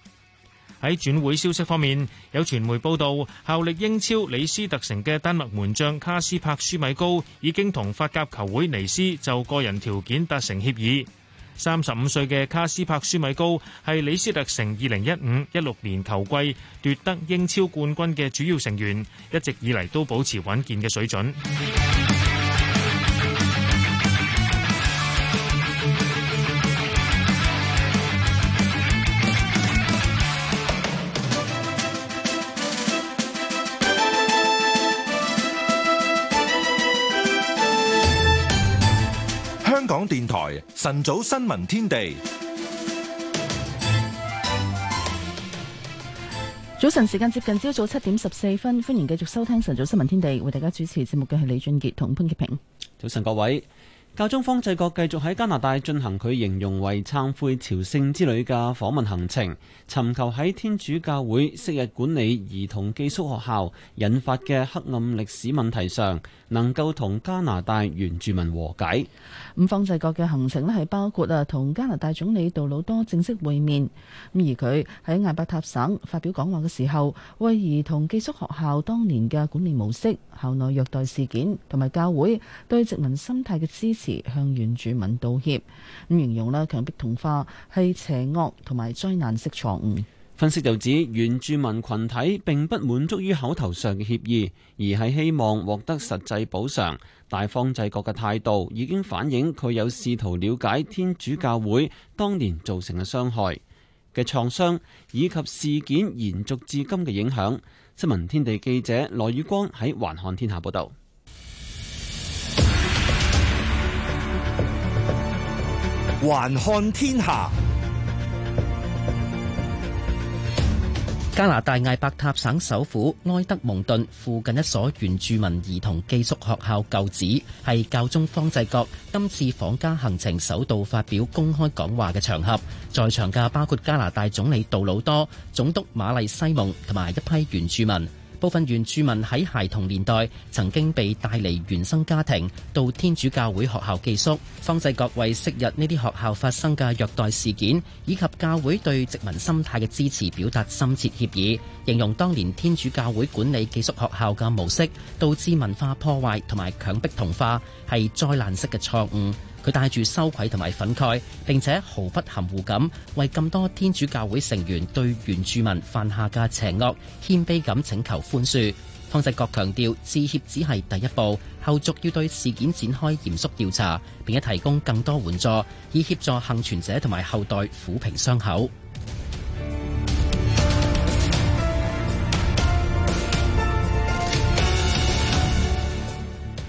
E: 喺轉會消息方面，有傳媒報道，效力英超李斯特城嘅丹麥門將卡斯帕舒米高已經同法甲球會尼斯就個人條件達成協議。三十五歲嘅卡斯帕舒米高係李斯特城二零一五一六年球季奪得英超冠軍嘅主要成員，一直以嚟都保持穩健嘅水準。
A: 電台晨早新聞天地，
C: 早晨時間接近朝早七點十四分，歡迎繼續收聽晨早新聞天地，為大家主持節目嘅係李俊杰同潘潔平。
D: 早晨各位。教宗方濟各繼續喺加拿大進行佢形容為懺悔朝聖之旅嘅訪問行程，尋求喺天主教會昔日管理兒童寄宿學校引發嘅黑暗歷史問題上，能夠同加拿大原住民和解。
C: 咁方濟各嘅行程咧係包括啊同加拿大總理杜魯多正式會面。咁而佢喺艾伯塔省發表講話嘅時候，為兒童寄宿學校當年嘅管理模式、校內虐待事件同埋教會對殖民心態嘅支持。向原住民道歉，咁形容啦，強迫同化係邪惡同埋災難式錯誤。
D: 分析就指，原住民群體並不滿足於口頭上嘅協議，而係希望獲得實際補償。大方製國嘅態度已經反映佢有試圖了解天主教會當年造成嘅傷害，嘅創傷，以及事件延續至今嘅影響。新聞天地記者羅宇光喺環漢天下報道。還看天下，
N: 加拿大艾伯塔省首府埃德蒙頓附近一所原住民兒童寄宿學校舊址係教宗方濟各今次訪加行程首度發表公開講話嘅場合，在場嘅包括加拿大總理杜魯多、總督瑪麗西蒙同埋一批原住民。部分原住民喺孩童年代曾經被帶離原生家庭，到天主教會學校寄宿。方濟各為昔日呢啲學校發生嘅虐待事件，以及教會對殖民心態嘅支持，表達深切歉意，形容當年天主教會管理寄宿學校嘅模式，導致文化破壞同埋強迫同化，係災難式嘅錯誤。佢帶住羞愧同埋憤慨，並且毫不含糊咁為咁多天主教會成員對原住民犯下嘅邪惡謙卑咁請求寬恕。方濟各強調致歉只係第一步，後續要對事件展開嚴肅調查，並且提供更多援助，以協助幸存者同埋後代撫平傷口。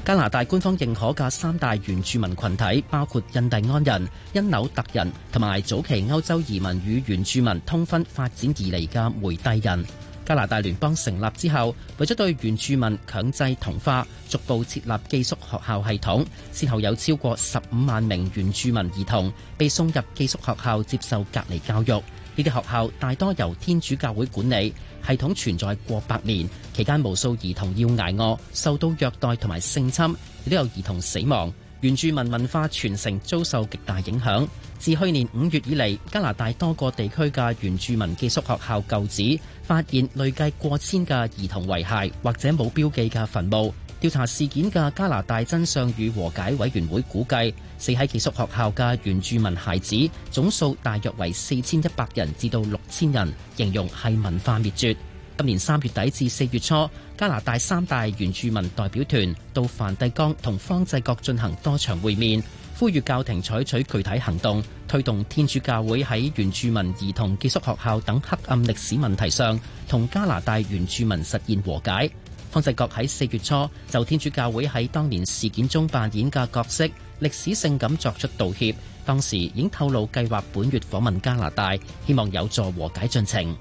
N: 加拿大官方認可嘅三大原住民群體包括印第安人、因紐特人同埋早期歐洲移民與原住民通婚發展而嚟嘅梅蒂人。加拿大聯邦成立之後，為咗對原住民強制同化，逐步設立寄宿學校系統，先後有超過十五萬名原住民兒童被送入寄宿學校接受隔離教育。呢啲學校大多由天主教會管理，系統存在過百年，期間無數兒童要捱餓，受到虐待同埋性侵，亦都有兒童死亡。原住民文化傳承遭受極大影響。自去年五月以嚟，加拿大多個地區嘅原住民寄宿學校舊址發現累計過千嘅兒童遺骸或者冇標記嘅墳墓。調查事件嘅加拿大真相與和解委員會估計，死喺寄宿學校嘅原住民孩子總數大約為四千一百人至到六千人，形容係文化滅絕。今年三月底至四月初，加拿大三大原住民代表團到梵蒂岡同方濟各進行多場會面，呼籲教廷採取具體行動，推動天主教會喺原住民兒童寄宿學校等黑暗歷史問題上，同加拿大原住民實現和解。方濟各喺四月初就天主教會喺當年事件中扮演嘅角色，歷史性咁作出道歉。當時已經透露計劃本月訪問加拿大，希望有助和解進程。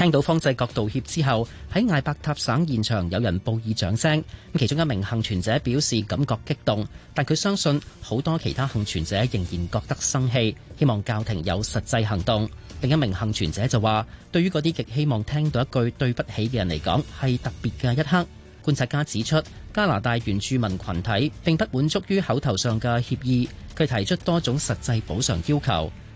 N: 聽到方濟各道歉之後，喺艾伯塔省現場有人報以掌聲。咁其中一名幸存者表示感覺激動，但佢相信好多其他幸存者仍然覺得生氣，希望教廷有實際行動。另一名幸存者就話：對於嗰啲極希望聽到一句對不起嘅人嚟講，係特別嘅一刻。觀察家指出，加拿大原住民羣體並不滿足於口頭上嘅協議，佢提出多種實際補償要求。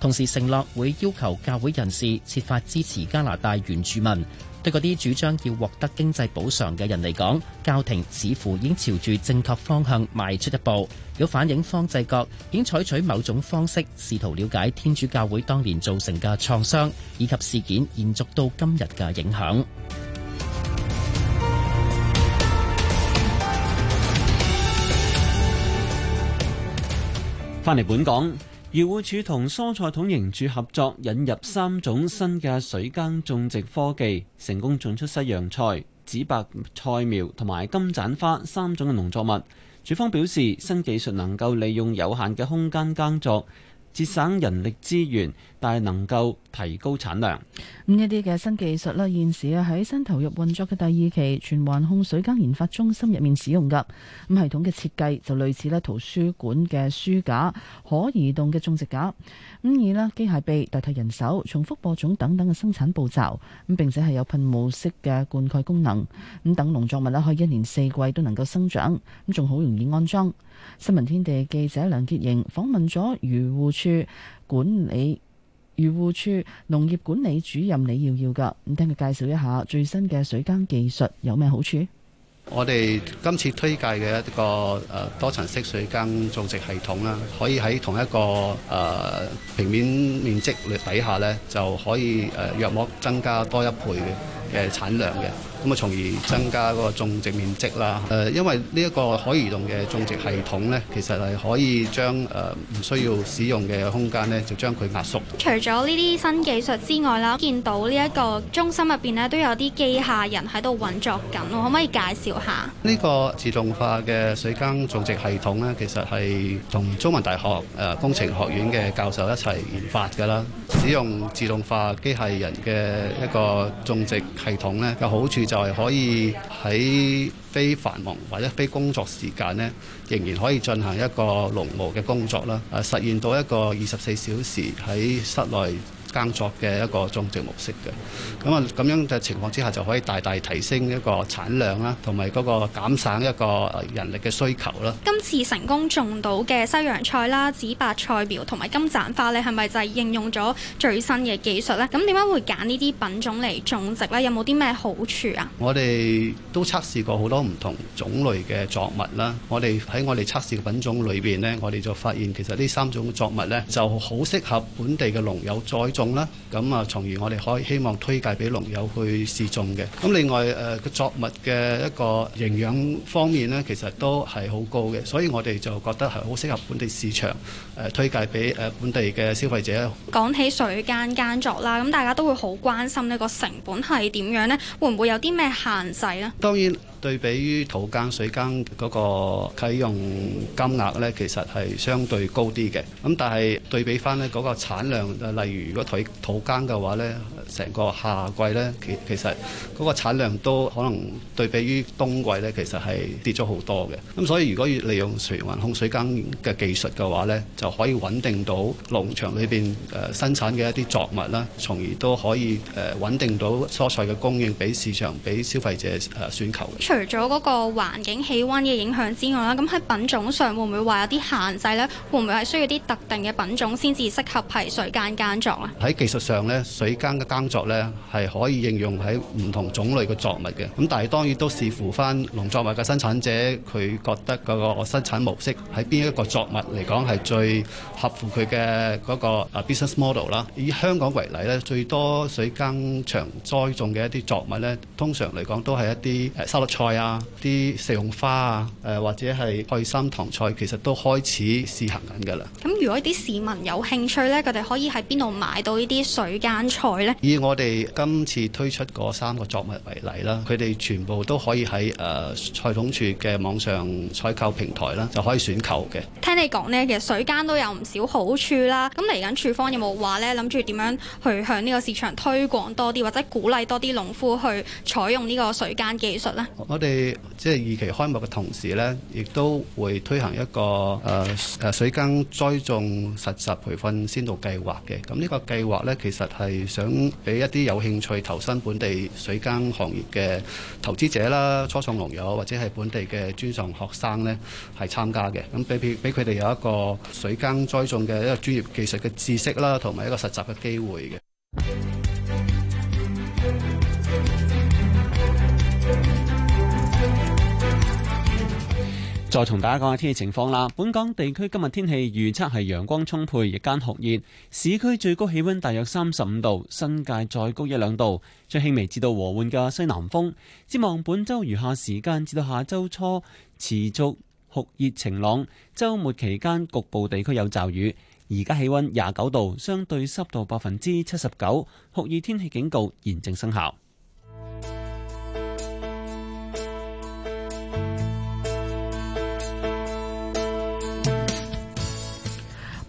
N: 同時承諾會要求教會人士設法支持加拿大原住民。對嗰啲主張要獲得經濟補償嘅人嚟講，教廷似乎已經朝住正確方向邁出一步。如果反映方濟各已經採取某種方式，試圖了解天主教會當年造成嘅創傷，以及事件延續到今日嘅影響。
D: 翻嚟本港。漁護署同蔬菜統營處合作，引入三種新嘅水耕種植科技，成功種出西洋菜、紫白菜苗同埋金盞花三種嘅農作物。署方表示，新技術能夠利用有限嘅空間耕作。節省人力資源，但係能夠提高產量。
C: 咁一啲嘅新技術咧，現時啊喺新投入運作嘅第二期全環控水耕研發中心入面使用噶。咁系統嘅設計就類似呢圖書館嘅書架，可移動嘅種植架。咁而呢機械臂代替人手重複播種等等嘅生產步驟。咁並且係有噴霧式嘅灌溉功能。咁等農作物呢可以一年四季都能夠生長。咁仲好容易安裝。新聞天地記者梁潔瑩訪問咗漁護處管理漁護處農業管理主任李耀耀㗎，咁聽佢介紹一下最新嘅水耕技術有咩好處。
O: 我哋今次推介嘅一個誒多層式水耕種植系統啦，可以喺同一個誒平面面積嚟，底下咧，就可以誒約莫增加多一倍嘅產量嘅，咁啊從而增加個種植面積啦。誒因為呢一個可移動嘅種植系統咧，其實係可以將誒唔需要使用嘅空間咧，就將佢壓縮。
P: 除咗呢啲新技術之外啦，見到呢一個中心入邊咧，都有啲機械人喺度運作緊，我可唔可以介紹。
O: 呢個自動化嘅水耕種植系統呢，其實係同中文大學誒工程學院嘅教授一齊研發噶啦。使用自動化機械人嘅一個種植系統呢，嘅好處就係可以喺非繁忙或者非工作時間呢，仍然可以進行一個農務嘅工作啦。誒，實現到一個二十四小時喺室內耕作嘅一個種植模式嘅，咁啊，咁樣嘅情況之下，就可以大大提升一個產量啦，同埋嗰個減省一個人力嘅需求啦。
P: 今次成功種到嘅西洋菜啦、紫白菜苗同埋金盞花咧，係咪就係應用咗最新嘅技術咧？咁點解會揀呢啲品種嚟種植咧？有冇啲咩好處啊？
O: 我哋都測試過好多唔同種類嘅作物啦，我哋喺我哋測試嘅品種裏邊咧，我哋就發現其實呢三種作物咧就好適合本地嘅農友栽種種啦，咁啊，從而我哋可以希望推介俾農友去試種嘅。咁另外誒，個作物嘅一個營養方面呢，其實都係好高嘅，所以我哋就覺得係好適合本地市場誒，推介俾誒本地嘅消費者。
P: 講起水間間作啦，咁大家都會好關心呢個成本係點樣呢？會唔會有啲咩限制呢？
O: 當然。對比於土耕水耕嗰個啟用金額呢，其實係相對高啲嘅。咁但係對比翻呢嗰個產量，例如如果土土耕嘅話呢，成個夏季咧，其其實嗰個產量都可能對比於冬季咧，其實係跌咗好多嘅。咁所以如果要利用全環控水耕嘅技術嘅話咧，就可以穩定到農場裏邊誒生產嘅一啲作物啦，從而都可以誒穩定到蔬菜嘅供應俾市場俾消費者誒選購。
P: 除咗嗰個環境氣溫嘅影響之外啦，咁喺品種上會唔會話有啲限制咧？會唔會係需要啲特定嘅品種先至適合係水耕耕作啊？
O: 喺技術上咧，水耕嘅耕工作咧係可以應用喺唔同種類嘅作物嘅，咁但係當然都視乎返農作物嘅生產者，佢覺得嗰個生產模式喺邊一個作物嚟講係最合乎佢嘅嗰個啊 business model 啦。以香港為例咧，最多水耕場栽種嘅一啲作物咧，通常嚟講都係一啲沙律菜啊、啲食用花啊、誒或者係愛心糖菜，其實都開始試行緊㗎啦。
P: 咁如果啲市民有興趣咧，佢哋可以喺邊度買到間呢啲水耕菜咧？
O: 以我哋今次推出個三個作物為例啦，佢哋全部都可以喺誒、呃、菜統處嘅網上採購平台啦，就可以選購嘅。
P: 聽你講咧，其實水耕都有唔少好處啦。咁嚟緊處方有冇話咧，諗住點樣去向呢個市場推廣多啲，或者鼓勵多啲農夫去採用呢個水耕技術咧？
O: 我哋即係二期開幕嘅同時咧，亦都會推行一個誒誒、呃、水耕栽種實習培訓先導計劃嘅。咁呢個計劃咧，其實係想俾一啲有興趣投身本地水耕行業嘅投資者啦、初創農友或者係本地嘅專上學生咧，係參加嘅。咁俾俾佢哋有一個水耕栽種嘅一個專業技術嘅知識啦，同埋一個實習嘅機會嘅。
D: 再同大家講下天氣情況啦。本港地區今日天氣預測係陽光充沛，日間酷熱，市區最高氣溫大約三十五度，新界再高一兩度，最輕微至到和緩嘅西南風。展望本周餘下時間至到下周初持續酷熱晴朗，周末期間局部地區有驟雨。而家氣溫廿九度，相對濕度百分之七十九，酷熱天氣警告現正生效。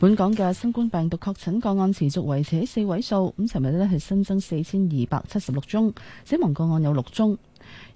C: 本港嘅新冠病毒確診個案持續維持喺四位數，咁尋日呢係新增四千二百七十六宗，死亡個案有六宗。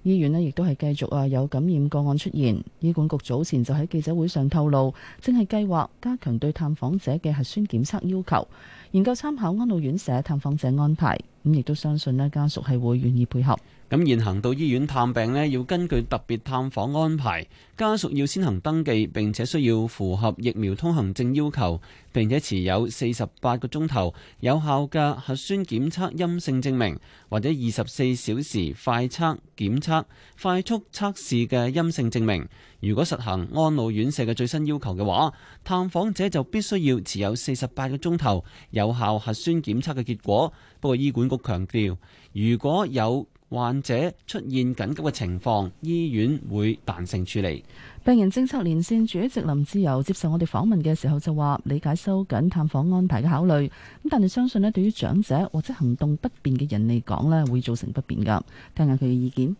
C: 醫院呢亦都係繼續啊有感染個案出現。醫管局早前就喺記者會上透露，正係計劃加強對探訪者嘅核酸檢測要求，研究參考安老院舍探訪者安排。咁亦都相信咧，家屬係會願意配合。
D: 咁現行到醫院探病咧，要根據特別探訪安排，家屬要先行登記，並且需要符合疫苗通行證要求，並且持有四十八個鐘頭有效嘅核酸檢測陰性證明，或者二十四小時快測檢測快速測試嘅陰性證明。如果實行安老院舍嘅最新要求嘅話，探訪者就必須要持有四十八個鐘頭有效核酸檢測嘅結果。個醫管局強調，如果有患者出現緊急嘅情況，醫院會彈性處理。
C: 病人政策連線主席林志由接受我哋訪問嘅時候就話，理解收緊探訪安排嘅考慮，咁但係相信咧，對於長者或者行動不便嘅人嚟講咧，會造成不便噶。聽下佢嘅意見。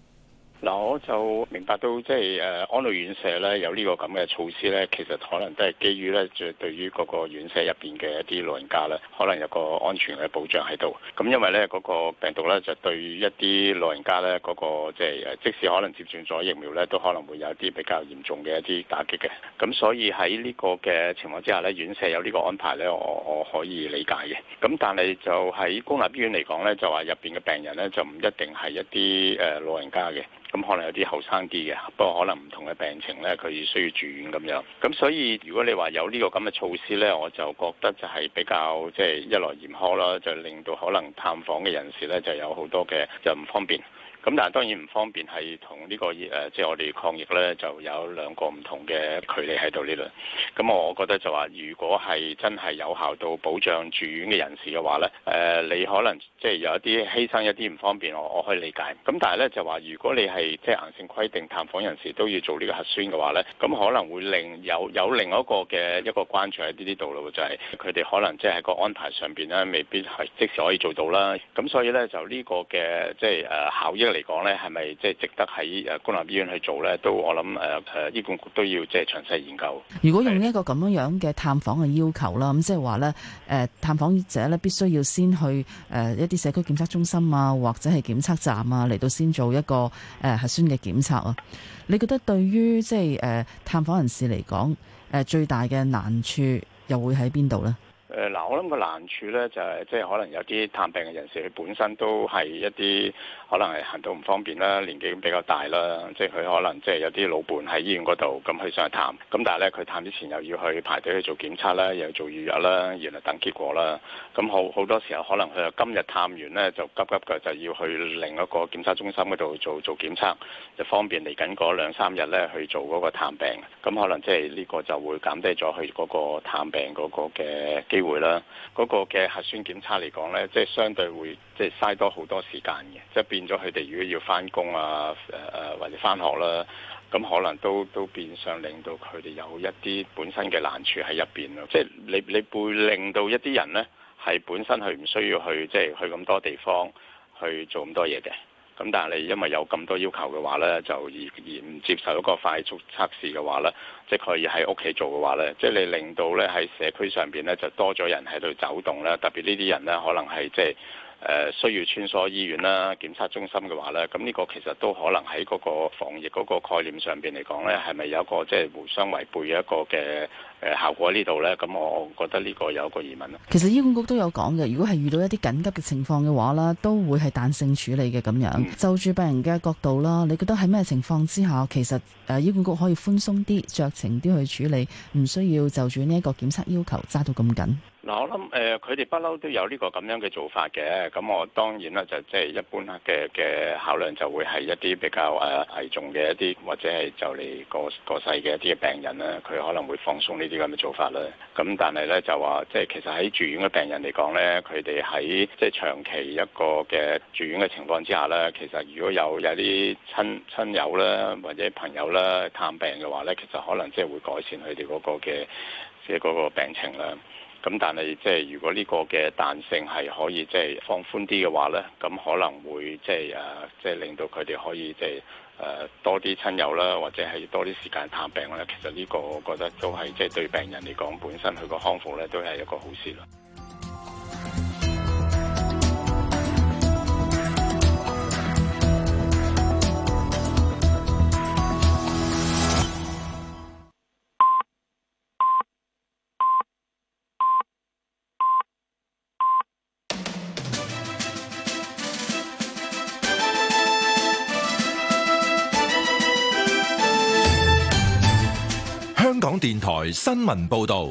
H: 嗱，我就明白到即係誒安老院舍咧有呢個咁嘅措施咧，其實可能都係基於咧，誒對於嗰個院舍入邊嘅一啲老人家咧，可能有個安全嘅保障喺度。咁因為咧嗰個病毒咧就對於一啲老人家咧嗰個即係誒，即使可能接種咗疫苗咧，都可能會有啲比較嚴重嘅一啲打擊嘅。咁所以喺呢個嘅情況之下咧，院舍有呢個安排咧，我我可以理解嘅。咁但係就喺公立醫院嚟講咧，就話入邊嘅病人咧就唔一定係一啲誒老人家嘅。咁可能有啲後生啲嘅，不過可能唔同嘅病情咧，佢需要住院咁樣。咁所以如果你話有呢、呢個咁嘅措施咧，我就覺得就係比較即係、就是、一來嚴苛啦，就令到可能探訪嘅人士咧就有好多嘅就唔方便。咁但係當然唔方便係同呢個誒，即係我哋抗疫咧，就有兩個唔同嘅距離喺度呢度，咁我覺得就話，如果係真係有效到保障住院嘅人士嘅話咧，誒你可能即係有一啲犧牲一啲唔方便，我我可以理解。咁但係咧就話，如果你係即係硬性規定探訪人士都要做呢個核酸嘅話咧，咁可能會令有有另一個嘅一個關注喺呢啲道路，就係佢哋可能即係喺個安排上邊咧，未必係即時可以做到啦。咁所以咧就呢個嘅即係誒效益，嚟講，呢係咪即係值得喺誒公立醫院去做呢？都我諗誒誒醫管局都要即係詳細研究。
C: 如果用呢一個咁樣嘅探訪嘅要求啦，咁即係話呢，誒，探訪者呢必須要先去誒一啲社區檢測中心啊，或者係檢測站啊，嚟到先做一個誒核酸嘅檢測啊。你覺得對於即係誒探訪人士嚟講，誒最大嘅難處又會喺邊度呢？
H: 誒嗱、呃，我諗個難處咧，就係即係可能有啲探病嘅人士，佢本身都係一啲可能係行到唔方便啦，年紀比較大啦，即係佢可能即係有啲老伴喺醫院嗰度，咁去上去探，咁但係咧佢探之前又要去排隊去做檢測啦，又要做預約啦，然後等結果啦，咁好好多時候可能佢今日探完咧，就急急嘅就要去另一個檢測中心嗰度做做檢測，就方便嚟緊嗰兩三日咧去做嗰個探病，咁可能即係呢個就會減低咗去嗰個探病嗰個嘅機會。會啦，嗰、嗰個嘅核酸檢測嚟講咧，即係相對會即係嘥多好多時間嘅，即係變咗佢哋如果要翻工啊，誒、呃、誒或者翻學啦，咁可能都都變相令到佢哋有一啲本身嘅難處喺入邊咯，即係你你會令到一啲人咧係本身佢唔需要去即係去咁多地方去做咁多嘢嘅。咁但係你因為有咁多要求嘅話呢，就而而唔接受一個快速測試嘅話呢，即係可以喺屋企做嘅話呢，即係你令到呢喺社區上邊呢，就多咗人喺度走動咧，特別呢啲人呢，可能係即係。誒、呃、需要穿梭醫院啦、檢測中心嘅話咧，咁呢個其實都可能喺嗰個防疫嗰個概念上邊嚟講呢，係咪有一個即係、就是、互相違背一個嘅誒、呃、效果喺呢度呢？咁我覺得呢個有一個疑問咯。
C: 其實醫管局都有講嘅，如果係遇到一啲緊急嘅情況嘅話呢，都會係彈性處理嘅咁樣。嗯、就住病人嘅角度啦，你覺得喺咩情況之下，其實誒、呃、醫管局可以寬鬆啲、酌情啲去處理，唔需要就住呢一個檢
K: 測要求揸到咁緊。
H: 嗱，我諗誒，佢哋不嬲都有呢個咁樣嘅做法嘅。咁我當然啦，就即係一般嘅嘅考量，就會係一啲比較誒危重嘅一啲，或者係就嚟過過世嘅一啲病人咧，佢可能會放鬆呢啲咁嘅做法啦。咁但係咧就話，即係其實喺住院嘅病人嚟講咧，佢哋喺即係長期一個嘅住院嘅情況之下咧，其實如果有有啲親親友啦，或者朋友啦探病嘅話咧，其實可能即係會改善佢哋嗰個嘅即係嗰個病情啦。咁但係即係如果呢個嘅彈性係可以即係放寬啲嘅話咧，咁可能會即係誒，即係令到佢哋可以即係誒多啲親友啦，或者係多啲時間探病咧。其實呢個我覺得都係即係對病人嚟講，本身佢個康復咧都係一個好事啦。
A: 電台新聞報道，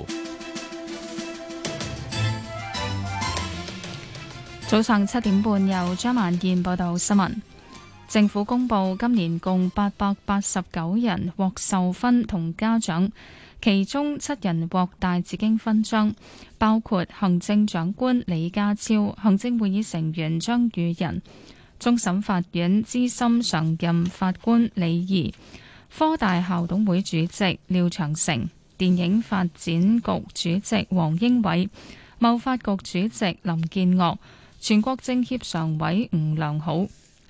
K: 早上七點半由張萬健報道新聞。政府公布今年共八百八十九人獲授勳同嘉獎，其中七人獲大紫荊勳章，包括行政長官李家超、行政會議成員張宇人、終審法院資深常任法官李儀。科大校董會主席廖長成、電影發展局主席王英偉、貿發局主席林建岳、全國政協常委吳良好，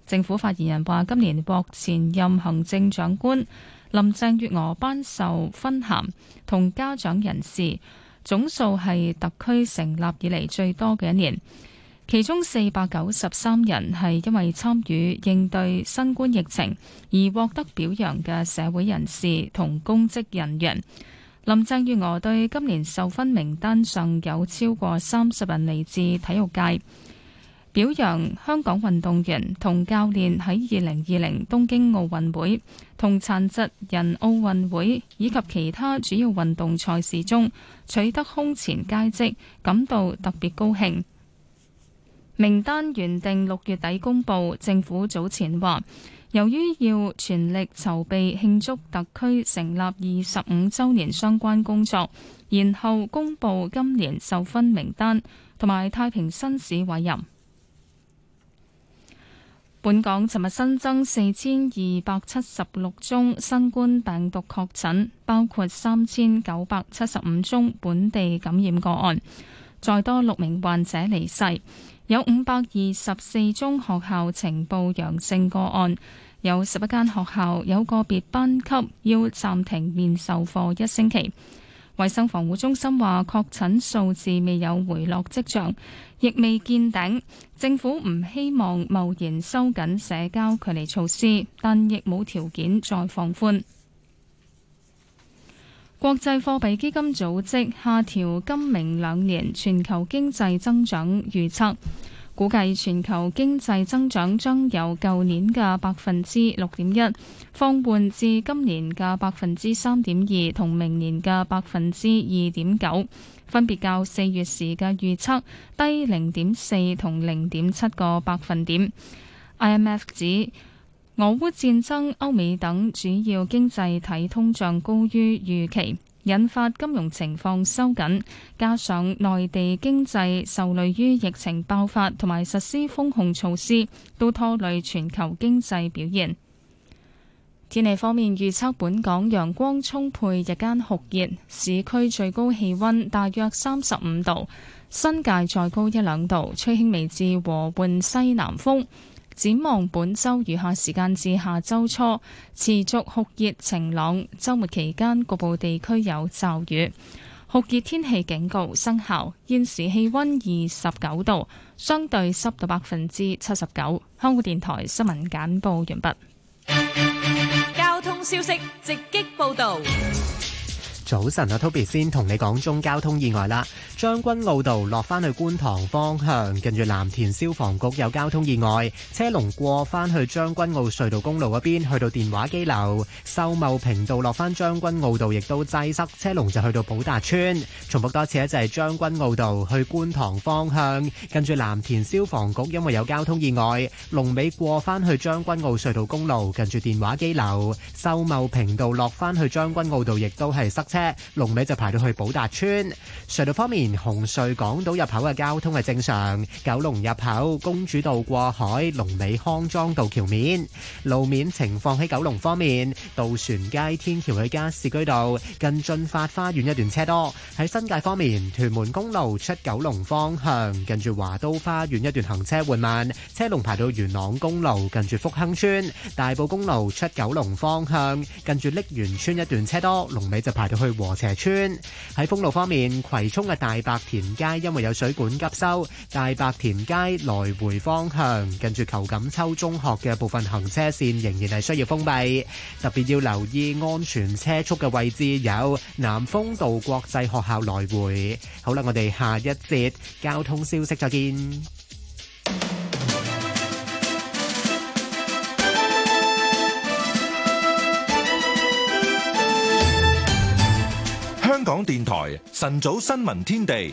K: 政府發言人話：今年獲前任行政長官林鄭月娥頒授勳銜，同家長人士總數係特區成立以嚟最多嘅一年。其中四百九十三人係因為參與應對新冠疫情而獲得表揚嘅社會人士同公職人員。林鄭月娥對今年受勳名單上有超過三十人嚟自體育界，表揚香港運動員同教練喺二零二零東京奧運會同殘疾人奧運會以及其他主要運動賽事中取得空前佳績感到特別高興。名單原定六月底公布，政府早前話，由於要全力籌備慶祝特區成立二十五周年相關工作，然後公布今年授勳名單同埋太平紳士委任。本港尋日新增四千二百七十六宗新冠病毒確診，包括三千九百七十五宗本地感染個案，再多六名患者離世。有五百二十四宗學校呈報陽性個案，有十一間學校有個別班級要暫停面授課一星期。衛生防護中心話，確診數字未有回落跡象，亦未見頂。政府唔希望貿然收緊社交距離措施，但亦冇條件再放寬。國際貨幣基金組織下調今明兩年全球經濟增長預測，估計全球經濟增長將由舊年嘅百分之六點一，放緩至今年嘅百分之三點二，同明年嘅百分之二點九，分別較四月時嘅預測低零點四同零點七個百分點。IMF 指，俄烏戰爭、歐美等主要經濟體通脹高於預期，引發金融情況收緊，加上內地經濟受累於疫情爆發同埋實施封控措施，都拖累全球經濟表現。天氣方面預測，本港陽光充沛，日間酷熱，市區最高氣温大約三十五度，新界再高一兩度，吹輕微至和緩西南風。展望本周餘下時間至下周初持續酷熱晴朗，周末期間局部地區有驟雨。酷熱天氣警告生效。現時氣温二十九度，相對濕度百分之七十九。香港電台新聞簡報完畢。
G: 交通消息直擊報道。
L: 早晨啊，Toby 先同你講中交通意外啦。將軍澳道落返去觀塘方向，近住藍田消防局有交通意外，車龍過返去將軍澳隧道公路嗰邊，去到電話機樓，秀茂坪道落返將軍澳道，亦都擠塞，車龍就去到寶達邨。重複多一次，一就係，將軍澳道去觀塘方向，近住藍田消防局，因為有交通意外，龍尾過返去將軍澳隧道公路，近住電話機樓，秀茂坪道落返去將軍澳道，亦都係塞龍尾就排到去寶達村。隧道方面，紅隧港島入口嘅交通係正常。九龍入口、公主道過海、龍尾康莊道橋面路面情況，喺九龍方面，渡船街天橋去加士居道近駿發花園一段車多。喺新界方面，屯門公路出九龍方向近住華都花園一段行車緩慢，車龍排到元朗公路近住福亨村、大埔公路出九龍方向近住瀝源村一段車多，龍尾就排到去。去和斜村。喺封路方面，葵涌嘅大白田街因為有水管急修，大白田街來回方向近住裘錦秋中學嘅部分行車線仍然係需要封閉，特別要留意安全車速嘅位置有南豐道國際學校來回。好啦，我哋下一節交通消息再見。
A: 港電台晨早新聞天地，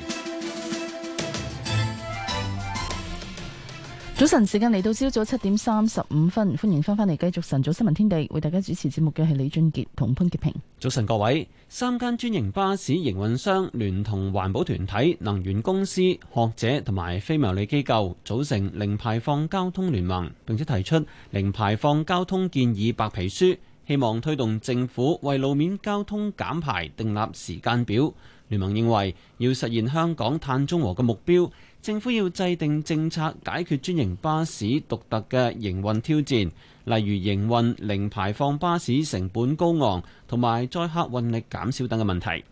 C: 早晨時間嚟到朝早七點三十五分，歡迎翻翻嚟繼續晨早新聞天地，為大家主持節目嘅係李俊杰同潘潔平。
D: 早晨各位，三間專營巴士營運商聯同環保團體、能源公司、學者同埋非牟利機構組成零排放交通聯盟，並且提出零排放交通建議白皮書。希望推動政府為路面交通減排訂立時間表。聯盟認為，要實現香港碳中和嘅目標，政府要制定政策解決專營巴士獨特嘅營運挑戰，例如營運零排放巴士成本高昂，同埋載客運力減少等嘅問題。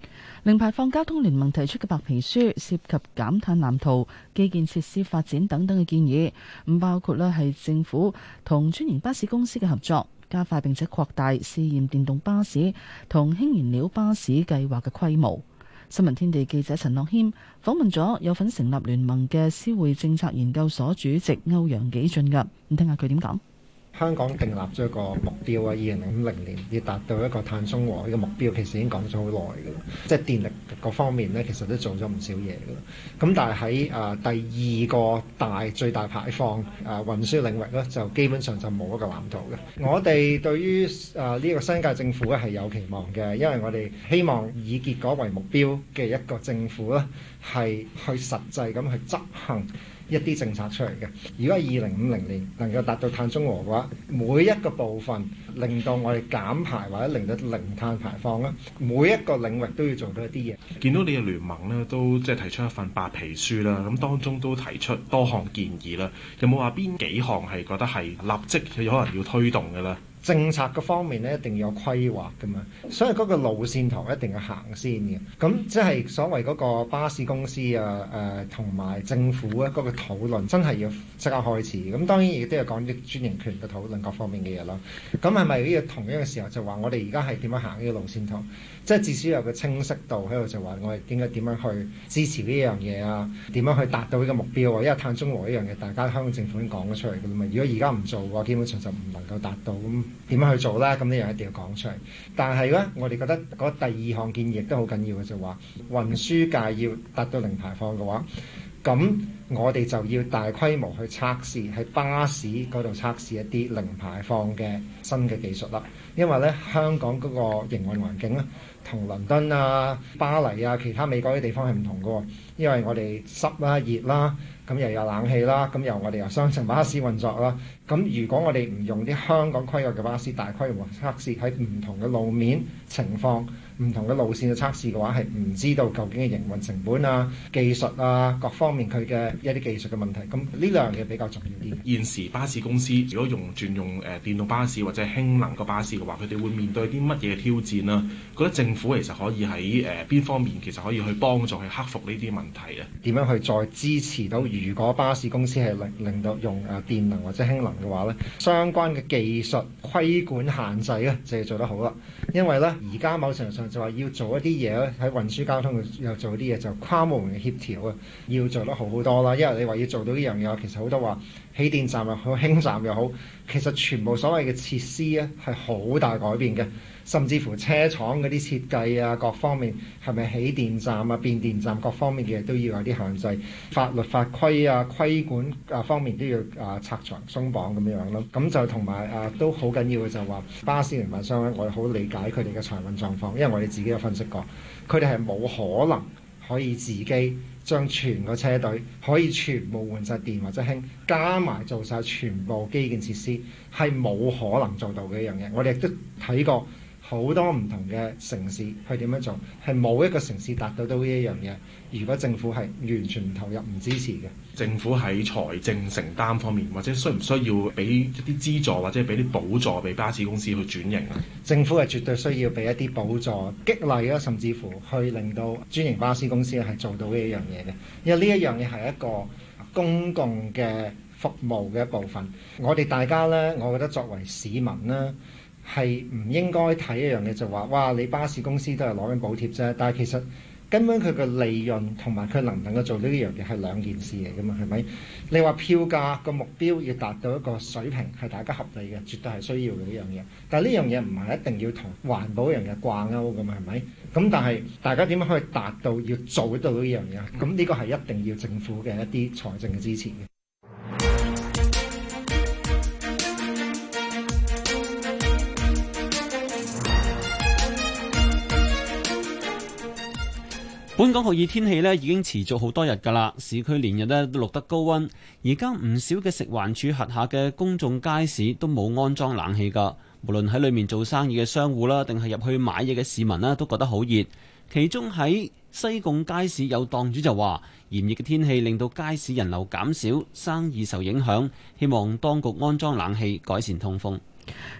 C: 零排放交通聯盟提出嘅白皮書涉及減碳藍圖、基建設施發展等等嘅建議，唔包括呢係政府同專營巴士公司嘅合作，加快並且擴大試驗電動巴士同氫燃料巴士計劃嘅規模。新聞天地記者陳樂軒訪問咗有份成立聯盟嘅思匯政策研究所主席歐陽幾進嘅，咁聽下佢點講。
Q: 香港訂立咗一個目標啊，二零五零年要達到一個碳中和呢個目標，其實已經講咗好耐嘅啦。即係電力各方面咧，其實都做咗唔少嘢嘅啦。咁但係喺誒第二個大最大排放誒、呃、運輸領域咧，就基本上就冇一個藍圖嘅。我哋對於誒呢個新界政府咧係有期望嘅，因為我哋希望以結果為目標嘅一個政府咧，係去實際咁去執行。一啲政策出嚟嘅，如果二零五零年能夠達到碳中和嘅話，每一個部分令到我哋減排或者令到零碳排放啦，每一個領域都要做到一啲嘢。
J: 見到你嘅聯盟咧，都即係提出一份白皮書啦，咁、嗯、當中都提出多項建議啦，有冇話邊幾項係覺得係立即有可能要推動嘅咧？
Q: 政策嘅方面咧，一定要有規劃噶嘛，所以嗰個路線圖一定要行先嘅。咁即係所謂嗰個巴士公司啊，誒同埋政府啊嗰個討論，真係要即刻開始。咁當然亦都有講啲專營權嘅討論各方面嘅嘢咯。咁係咪呢個同樣嘅時候就話我哋而家係點樣行呢個路線圖？即係至少有個清晰度喺度，就話我哋應該點樣去支持呢樣嘢啊？點樣去達到呢個目標啊？因為碳中和呢樣嘢，大家香港政府已經講咗出嚟噶啦嘛。如果而家唔做嘅話，基本上就唔能夠達到。咁點樣去做啦，咁呢樣一定要講出嚟。但係咧，我哋覺得嗰第二項建議都好緊要嘅，就話運輸界要達到零排放嘅話，咁我哋就要大規模去測試喺巴士嗰度測試一啲零排放嘅新嘅技術啦。因為咧，香港嗰個營運環境咧、啊，同倫敦啊、巴黎啊、其他美國啲地方係唔同嘅、哦。因為我哋濕啦、啊、熱啦、啊，咁、嗯、又有冷氣啦、啊，咁、嗯、又我哋又雙層巴士運作啦、啊。咁、嗯、如果我哋唔用啲香港規格嘅巴士，大規模測試喺唔同嘅路面情況，唔同嘅路線嘅測試嘅話，係唔知道究竟嘅營運成本啊、技術啊，各方面佢嘅一啲技術嘅問題。咁呢兩樣嘢比較重要
J: 啲。現時巴士公司如果用轉用誒、呃、電動巴士或者氫能嘅巴士嘅話，佢哋會面對啲乜嘢挑戰啊？覺得政府其實可以喺誒邊方面其實可以去幫助去
Q: 克服呢啲問題啊，點樣去再支持到？如果巴士公司係令令到用誒、呃、電能或者氫能嘅話咧，相關嘅技術規管限制咧就要做得好啦。因為咧而家某程度上。就話要做一啲嘢咧，喺運輸交通又做啲嘢，就跨部門嘅協調啊，要做得好好多啦。因為你話要做到呢樣嘢，其實好多話，起電站又好，輕站又好，其實全部所謂嘅設施咧，係好大改變嘅。甚至乎車廠嗰啲設計啊，各方面係咪起電站啊、變電站各方面嘅都要有啲限制，法律法規啊、規管啊方面都要啊拆牆鬆綁咁樣咯、啊。咁就同埋啊，都好緊要嘅就話巴士營運商咧，我哋好理解佢哋嘅財運狀況，因為我哋自己有分析過，佢哋係冇可能可以自己將全個車隊可以全部換晒電或者輕加埋做晒全部基建設施係冇可能做到嘅一樣嘢。我哋亦都睇過。好多唔同嘅城市去點樣做，係冇一個城市達到到呢一樣嘢，如果政府係完全唔投入唔支持嘅。
J: 政府喺財政承擔方面，或者需唔需要俾一啲資助或者俾啲補助俾巴士公司去轉型啊？
Q: 政府係絕對需要俾一啲補助激勵啊，甚至乎去令到專營巴士公司係做到呢一樣嘢嘅，因為呢一樣嘢係一個公共嘅服務嘅一部分。我哋大家咧，我覺得作為市民咧。係唔應該睇一樣嘢，就話，哇！你巴士公司都係攞緊補貼啫，但係其實根本佢嘅利潤同埋佢能唔能夠做呢一樣嘢係兩件事嚟嘅嘛，係咪？你話票價個目標要達到一個水平係大家合理嘅，絕對係需要嘅一樣嘢。但係呢樣嘢唔係一定要同環保一樣嘢掛鈎嘅嘛，係咪？咁但係大家點樣可以達到要做得到呢樣嘢？咁呢個係一定要政府嘅一啲財政嘅支持嘅。
D: 本港酷熱天氣咧，已經持續好多日㗎喇。市區連日咧，都錄得高温，而家唔少嘅食環署轄下嘅公眾街市都冇安裝冷氣㗎。無論喺裏面做生意嘅商戶啦，定係入去買嘢嘅市民啦，都覺得好熱。其中喺西貢街市有檔主就話，炎熱嘅天氣令到街市人流減少，生意受影響，希望當局安裝冷氣改善通風。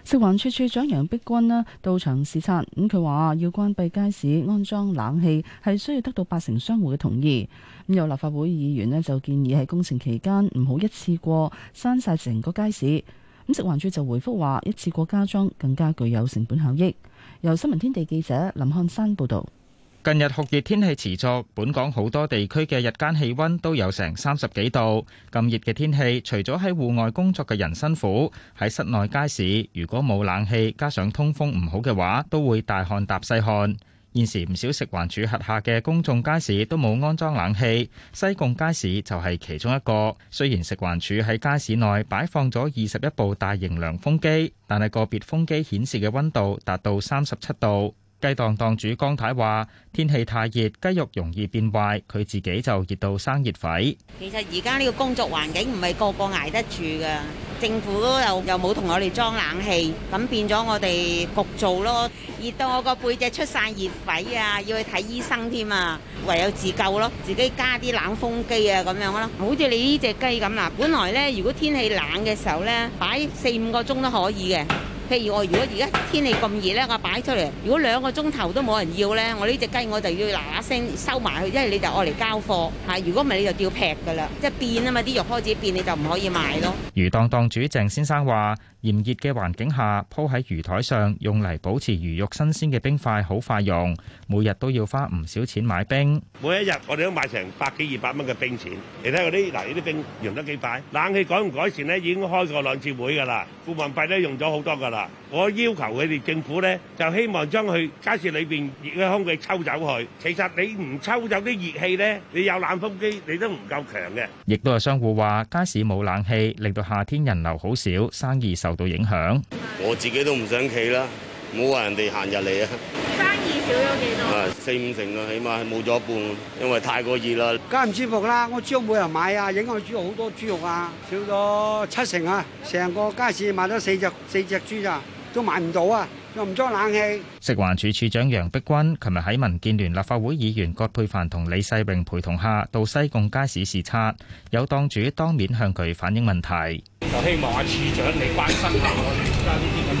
C: 食環署處長楊碧君呢到場視察，咁佢話要關閉街市安裝冷氣係需要得到八成商戶嘅同意。咁有立法會議員呢就建議喺工程期間唔好一次過閂晒成個街市。咁食環署就回復話一次過加裝更加具有成本效益。由新聞天地記者林漢山報道。
R: 近日酷熱天氣持續，本港好多地區嘅日間氣溫都有成三十幾度。咁熱嘅天氣，除咗喺戶外工作嘅人辛苦，喺室內街市如果冇冷氣，加上通風唔好嘅話，都會大汗搭細汗。現時唔少食環署轄下嘅公眾街市都冇安裝冷氣，西貢街市就係其中一個。雖然食環署喺街市內擺放咗二十一部大型涼風機，但係個別風機顯示嘅溫度達到三十七度。雞檔檔主江太話：天氣太熱，雞肉容易變壞，佢自己就熱到生熱痱。
F: 其實而家呢個工作環境唔係個個捱得住噶，政府又又冇同我哋裝冷氣，咁變咗我哋焗做咯，熱到我個背脊出晒熱痱啊，要去睇醫生添啊，唯有自救咯，自己加啲冷風機啊咁樣咯。好似你呢隻雞咁啦，本來咧如果天氣冷嘅時候咧，擺四五個鐘都可以嘅。譬如我如果而家天氣咁熱咧，我擺出嚟，如果兩個鐘頭都冇人要咧，我呢隻雞我就要嗱嗱聲收埋佢，因為你就愛嚟交貨嚇。如果唔係你就掉撇噶啦，即係變啊嘛，啲肉開始變你就唔可以賣咯。
R: 魚檔檔主鄭先生話：炎熱嘅環境下，鋪喺魚台上用嚟保持魚肉新鮮嘅冰塊好快溶，每日都要花唔少錢買冰。
E: 每一日我哋都買成百幾二百蚊嘅冰錢，你睇嗰啲嗱呢啲冰溶得幾快？冷氣改唔改善咧，已經開過兩次會噶啦，顧問費都用咗好多噶啦。我要求佢哋政府咧，就希望將佢街市裏邊熱嘅空氣抽走去。其實你唔抽走啲熱氣咧，你有冷風機你都唔夠強嘅。
R: 亦都有商戶話，街市冇冷氣，令到夏天人流好少，生意受到影響。
E: 我自己都唔想企啦。唔好話人哋行入嚟啊！生意少咗幾多？啊，四五成啊，起碼冇咗一半，因為太過熱啦。
Q: 梗係唔舒服啦！我豬肉冇人買啊，影響到好多豬肉啊，少咗七成啊！成個街市買咗四隻四隻豬咋，都買唔到啊！又唔裝冷氣。
R: 食環署署長楊碧君琴日喺民建聯立法會議員葛珮帆同李世榮陪同下到西貢街市視察，有檔主當面向佢反映問題，
H: 就希望阿署長你關心下我哋而家呢啲咁。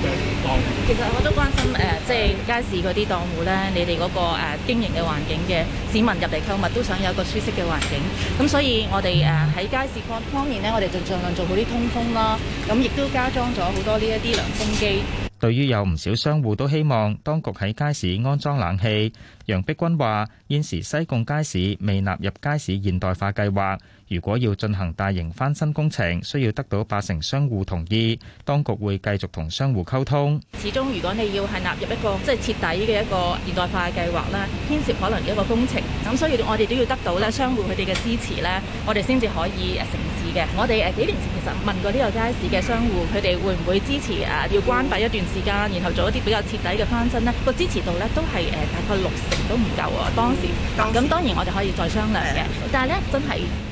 F: 其實我都關心誒，即、啊、係、就是、街市嗰啲檔戶咧，你哋嗰、那個誒、啊、經營嘅環境嘅市民入嚟購物都想有一個舒適嘅環境。咁所以我，我哋誒喺街市方方面呢，我哋就盡量做好啲通風啦。咁亦都加裝咗好多呢一啲涼風機。
R: 對於有唔少商戶都希望當局喺街市安裝冷氣，楊碧君話現時西貢街市未納入街市現代化計劃。如果要進行大型翻新工程，需要得到八成商戶同意，當局會繼續同商戶溝通。
F: 始終如果你要係納入一個即係，就是，徹底嘅一個現代化嘅計劃咧，牽涉可能一個工程，咁所以我哋都要得到咧商戶佢哋嘅支持咧，我哋先至可以誒成事嘅，我哋誒幾年前其實問過呢個街市嘅商戶，佢哋會唔會支持誒要關閉一段時間，然後做一啲比較徹底嘅翻新呢？個支持度呢都係誒、呃、大概六成都唔夠啊。當時咁當，時、啊、當然我哋可以再商量嘅，的但係呢真係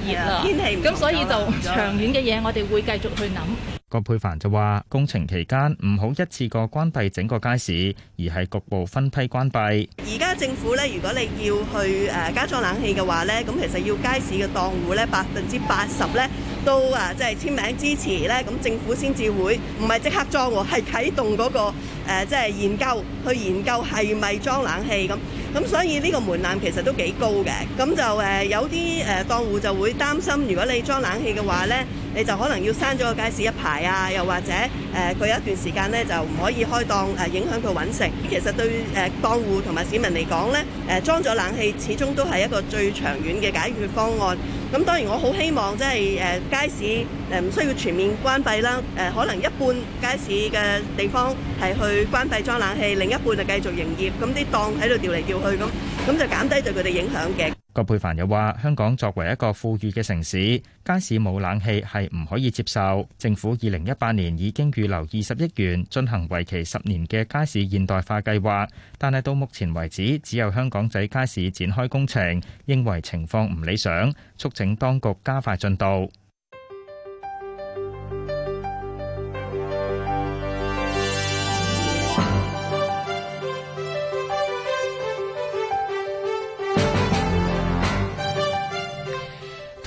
F: 熱啦，天氣
K: 咁所以就長
F: 遠嘅嘢我哋會繼續
G: 去諗。 [laughs]
R: 郭佩凡就話：工程期間唔好一次過關閉整個街市，而係局部分批關閉。
G: 而家政府咧，如果你要去誒加裝冷氣嘅話咧，咁其實要街市嘅檔戶咧百分之八十咧都啊即係簽名支持咧，咁政府先至會唔係即刻裝，係啟動嗰個誒即係研究去研究係咪裝冷氣咁。咁所以呢個門檻其實都幾高嘅，咁就誒有啲誒、呃、檔戶，就會擔心，如果你裝冷氣嘅話咧，你就可能要閂咗個街市一排啊，又或者誒佢、呃、有一段時間咧就唔可以開檔誒影響佢揾食。其實對誒、呃、檔戶同埋市民嚟講咧，誒裝咗冷氣始終都係一個最長遠嘅解決方案。咁當然我好希望即係街市誒唔需要全面關閉啦，可能一半街市嘅地方係去關閉裝冷氣，另一半就繼續營業，咁啲檔喺度調嚟調去咁，咁就減低對佢哋影響嘅。
R: 郭佩凡又話：香港作為一個富裕嘅城市，街市冇冷氣係唔可以接受。政府二零一八年已經預留二十億元進行為期十年嘅街市現代化計劃，但係到目前為止只有香港仔街市展開工程，認為情況唔理想，促請當局加快進度。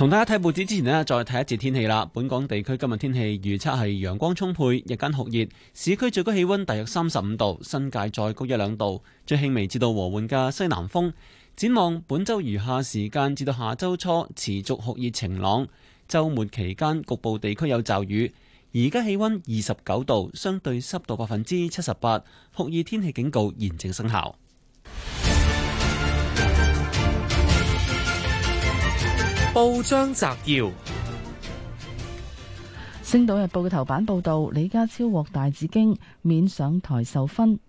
D: 同大家睇報紙之前呢，再睇一次天氣啦。本港地區今日天氣預測係陽光充沛，日間酷熱，市區最高氣溫大約三十五度，新界再高一兩度，最輕微至到和緩嘅西南風。展望本周餘下時間至到下周初持續酷熱晴朗，周末期間局部地區有驟雨。而家氣溫二十九度，相對濕度百分之七十八，酷熱天氣警告現正生效。
L: 報章摘要：
C: 《星島日報》嘅頭版報道李家超獲大紫荊，免上台受分，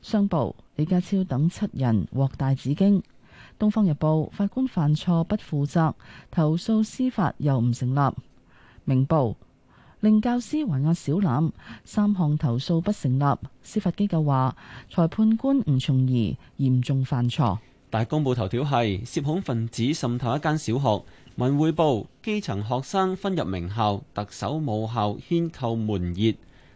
C: 商報李家超等七人獲大紫荊。《東方日報》法官犯錯不負責，投訴司法又唔成立。《明報》令教師還押小欖，三項投訴不成立。司法機構話裁判官吳從儀嚴重犯錯。
D: 大公報頭條係涉恐分子滲透一間小學。文匯報：基層學生分入名校，特首母校牽扣門熱。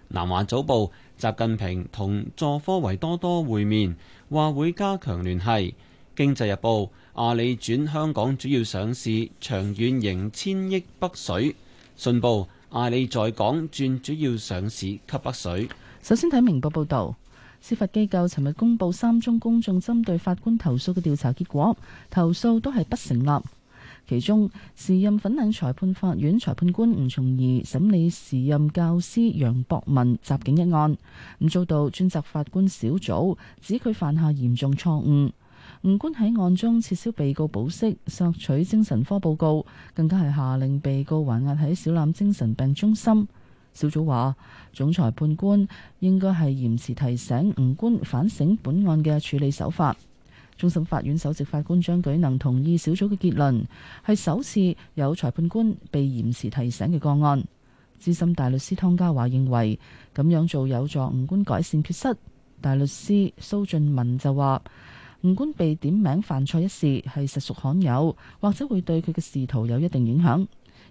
D: 南華早報：習近平同佐科維多多會面，話會加強聯繫。經濟日報：阿里轉香港主要上市，長遠迎千億北水。信報：阿里在港轉主要上市吸北水。首先睇明
C: 報報道，司法機構尋日公布三宗公眾針對法官投訴嘅調查結果，投訴都係不成立。其中，時任粉嶺裁判法院裁判官吳崇儀審理時任教師楊博文襲警一案，咁遭到專責法官小組指佢犯下嚴重錯誤。吳官喺案中撤銷被告保釋、索取精神科報告，更加係下令被告還押喺小欖精神病中心。小組話，總裁判官應該係嚴詞提醒吳官反省本案嘅處理手法。終審法院首席法官張舉能同意小組嘅結論，係首次有裁判官被嚴詞提醒嘅個案。資深大律師湯家華認為咁樣做有助吳官改善缺失。大律師蘇俊文就話，吳官被點名犯錯一事係實屬罕有，或者會對佢嘅仕途有一定影響。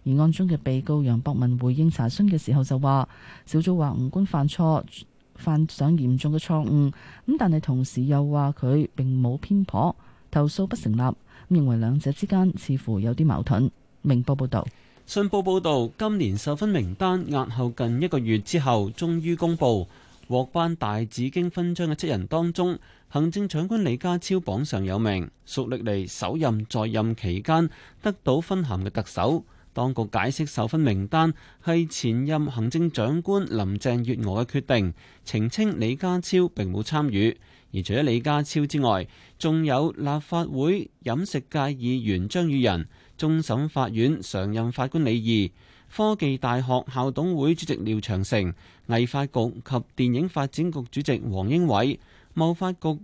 C: 而案中嘅被告楊博文回應查詢嘅時候就話，小組話吳官犯錯。犯上嚴重嘅錯誤，咁但係同時又話佢並冇偏頗，投訴不成立，認為兩者之間似乎有啲矛盾。明報報道。
D: 信報報道，今年授分名單押後近一個月之後，終於公布，獲頒大紫荊勳章嘅七人當中，行政長官李家超榜上有名，屬歷嚟首任在任期間得到勳銜嘅特首。當局解釋首份名單係前任行政長官林鄭月娥嘅決定，澄清李家超並冇參與。而除咗李家超之外，仲有立法會飲食界議員張宇人、終審法院常任法官李義、科技大學校董會主席廖長成、藝發局及電影發展局主席王英偉、貿發局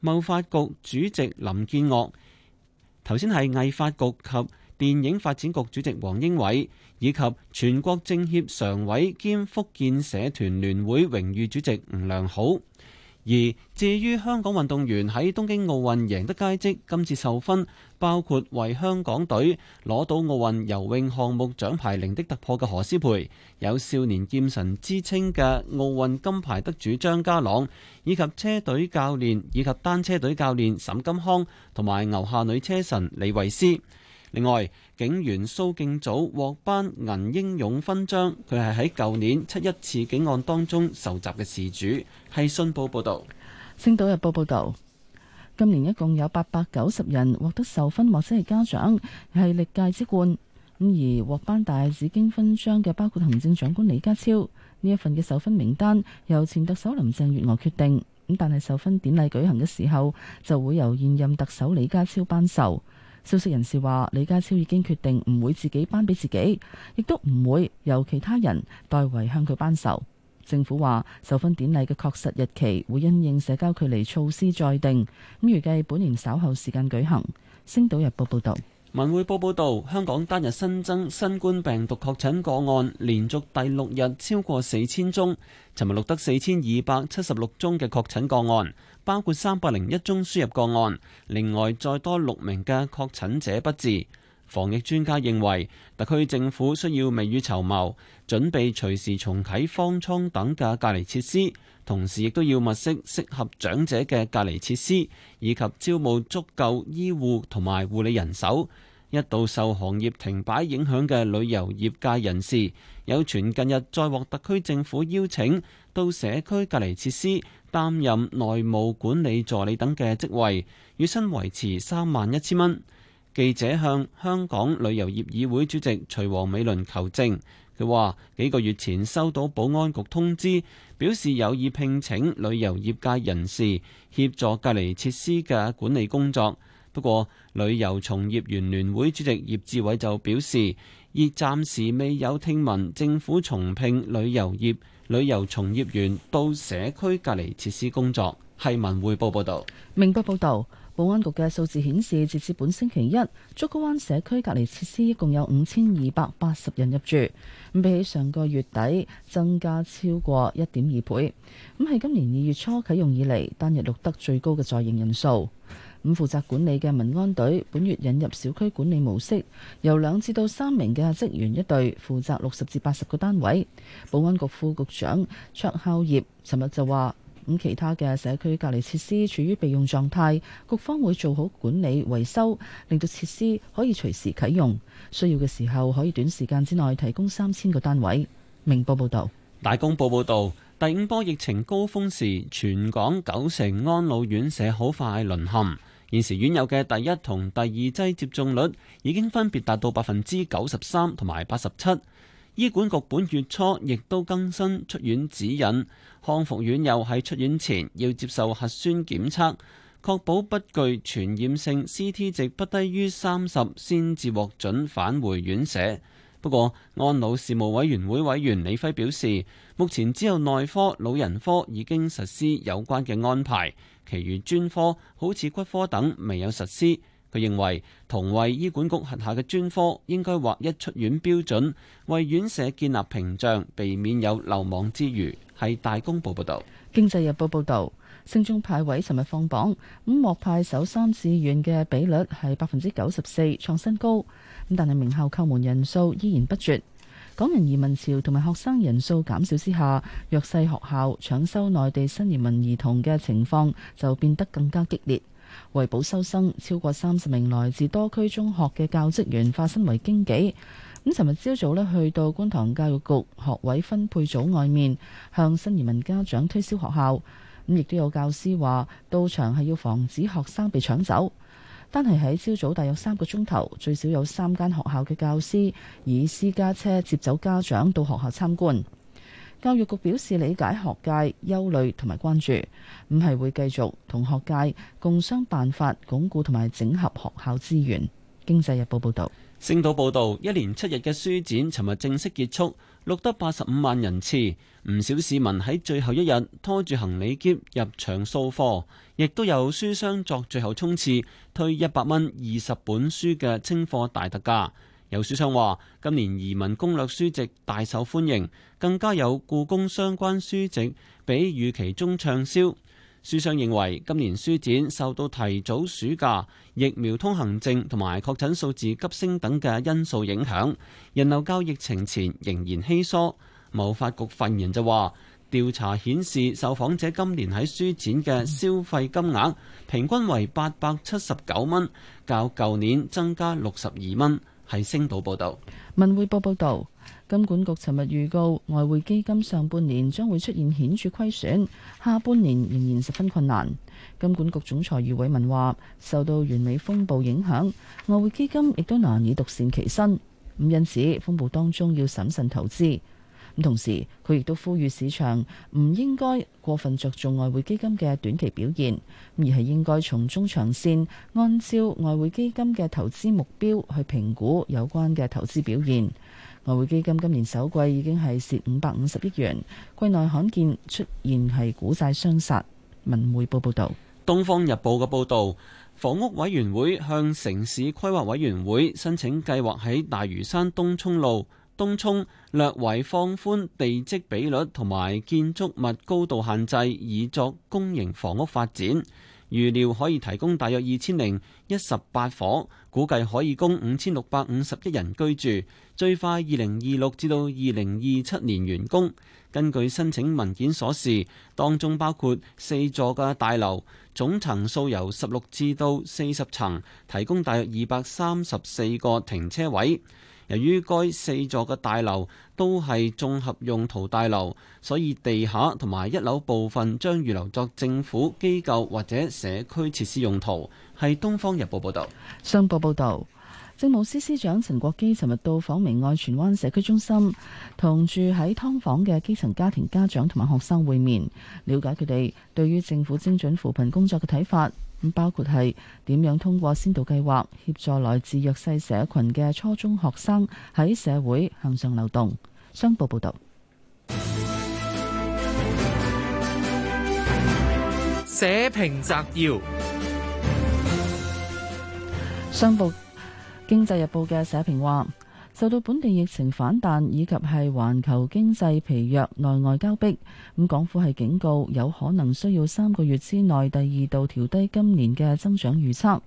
D: 貿發局主席林建岳。頭先係藝發局及電影發展局主席王英偉，以及全國政協常委兼福建社團聯會榮譽主席吳良好。而至於香港運動員喺東京奧運贏得佳績，今次受勳，包括為香港隊攞到奧運游泳項目獎牌零的突破嘅何詩蓓，有少年劍神之稱嘅奧運金牌得主張家朗，以及車隊教練，以及單車隊教練沈金康，同埋牛下女車神李慧詩。另外，警員蘇敬祖獲頒銀英勇勳章，佢係喺舊年七一次警案當中受襲嘅事主。係信報報道，
C: 《星島日報》報道，今年一共有八百九十人獲得授勳，或者係嘉獎，係歷屆之冠。咁而獲頒大紫荊勳章嘅包括行政長官李家超。呢一份嘅授勳名單由前特首林鄭月娥決定，咁但係授勳典禮舉行嘅時候就會由現任特首李家超頒授。消息人士話，李家超已經決定唔會自己頒俾自己，亦都唔會由其他人代為向佢頒授。政府話，授勳典禮嘅確實日期會因應社交距離措施再定，咁預計本年稍後時間舉行。《星島日報》報道。
D: 文匯報報道，香港單日新增新冠病毒確診個案，連續第六日超過四千宗。尋日錄得四千二百七十六宗嘅確診個案，包括三百零一宗輸入個案，另外再多六名嘅確診者不治。防疫專家認為，特區政府需要未雨綢繆，準備隨時重啟方艙等嘅隔離設施。同時亦都要物色適合長者嘅隔離設施，以及招募足夠醫護同埋護理人手。一度受行業停擺影響嘅旅遊業界人士，有傳近日再獲特區政府邀請到社區隔離設施擔任內務管理助理等嘅職位，月薪維持三萬一千蚊。記者向香港旅遊業議會主席徐王美倫求證。佢話：幾個月前收到保安局通知，表示有意聘請旅遊業界人士協助隔離設施嘅管理工作。不過，旅遊從業員聯會主席葉志偉就表示，而暫時未有聽聞政府重聘旅遊業旅遊從業員到社區隔離設施工作。係文匯報報道，
C: 明報報道。保安局嘅數字顯示，截至本星期一，竹篙灣社區隔離設施共有五千二百八十人入住，咁比起上個月底增加超過一點二倍，咁係今年二月初啟用以嚟單日錄得最高嘅在營人數。咁負責管理嘅民安隊本月引入小區管理模式，由兩至到三名嘅職員一隊負責六十至八十個單位。保安局副局長卓孝業尋日就話。咁其他嘅社區隔離設施處於備用狀態，局方會做好管理、維修，令到設施可以隨時啟用，需要嘅時候可以短時間之內提供三千個單位。明報報道。
D: 大公報報道，第五波疫情高峰時，全港九成安老院舍好快淪陷，現時院友嘅第一同第二劑接種率已經分別達到百分之九十三同埋八十七。醫管局本月初亦都更新出院指引，康復院友喺出院前要接受核酸檢測，確保不具傳染性，CT 值不低於三十先至獲准返回院舍。不過，安老事務委員會委員李輝表示，目前只有內科、老人科已經實施有關嘅安排，其餘專科好似骨科等未有實施。佢認為，同為醫管局轄下嘅專科應該劃一出院標準，為院舍建立屏障，避免有流亡之餘，係大公報報導，
C: 《經濟日報》報導，升中派位尋日放榜，五獲派首三志願嘅比率係百分之九十四，創新高。咁但係名校叩門人數依然不絕，港人移民潮同埋學生人數減少之下，弱勢學校搶收內地新移民兒童嘅情況就變得更加激烈。為保收生，超過三十名來自多區中學嘅教職員化身為經紀。咁，尋日朝早咧，去到觀塘教育局學位分配組外面，向新移民家長推銷學校。咁亦都有教師話到場係要防止學生被搶走。但係喺朝早大約三個鐘頭，最少有三間學校嘅教師以私家車接走家長到學校參觀。教育局表示理解學界憂慮同埋關注，唔係會繼續同學界共商辦法，鞏固同埋整合學校資源。經濟日報報道，
D: 星島報道，一連七日嘅書展，尋日正式結束，錄得八十五萬人次。唔少市民喺最後一日拖住行李箧入場掃貨，亦都有書商作最後衝刺，推一百蚊二十本書嘅清貨大特價。有書商話，今年移民攻略書籍大受歡迎。更加有故宮相關書籍比預期中暢銷。書商認為今年書展受到提早暑假、疫苗通行證同埋確診數字急升等嘅因素影響，人流較疫情前仍然稀疏。貿發局發言就話，調查顯示受訪者今年喺書展嘅消費金額平均為八百七十九蚊，較舊年增加六十二蚊。係星島報道，
C: 文匯報報導。金管局尋日預告，外匯基金上半年將會出現顯著虧損，下半年仍然十分困難。金管局總裁余偉文話，受到完美風暴影響，外匯基金亦都難以獨善其身。咁因此，風暴當中要審慎投資。咁同時，佢亦都呼籲市場唔應該過分着重外匯基金嘅短期表現，而係應該從中長綫按照外匯基金嘅投資目標去評估有關嘅投資表現。外匯基金今年首季已經係蝕五百五十億元，季內罕見出現係股債雙殺。文匯報報
D: 道，《東方日報》嘅報道，房屋委員會向城市規劃委員會申請計劃喺大嶼山東涌路東涌略為放寬地積比率同埋建築物高度限制，以作公營房屋發展。預料可以提供大約二千零一十八伙，估計可以供五千六百五十一人居住，最快二零二六至到二零二七年完工。根據申請文件所示，當中包括四座嘅大樓，總層數由十六至到四十層，提供大約二百三十四個停車位。由於該四座嘅大樓都係綜合用途大樓，所以地下同埋一樓部分將預留作政府機構或者社區設施用途。係《東方日報》報道，商報報道，
C: 政務司司長陳國基尋日到訪明愛荃灣社區中心，同住喺劏房嘅基層家庭家長同埋學生會面，了解佢哋對於政府精準扶貧工作嘅睇法。咁包括係點樣通過先導計劃協助來自弱勢社群嘅初中學生喺社會向上流動。商報報道，
E: 社評摘要。商報《
C: 經濟日報》嘅社評話。受到本地疫情反彈以及係環球經濟疲弱，內外交逼，咁港府係警告有可能需要三個月之內第二度調低今年嘅增長預測。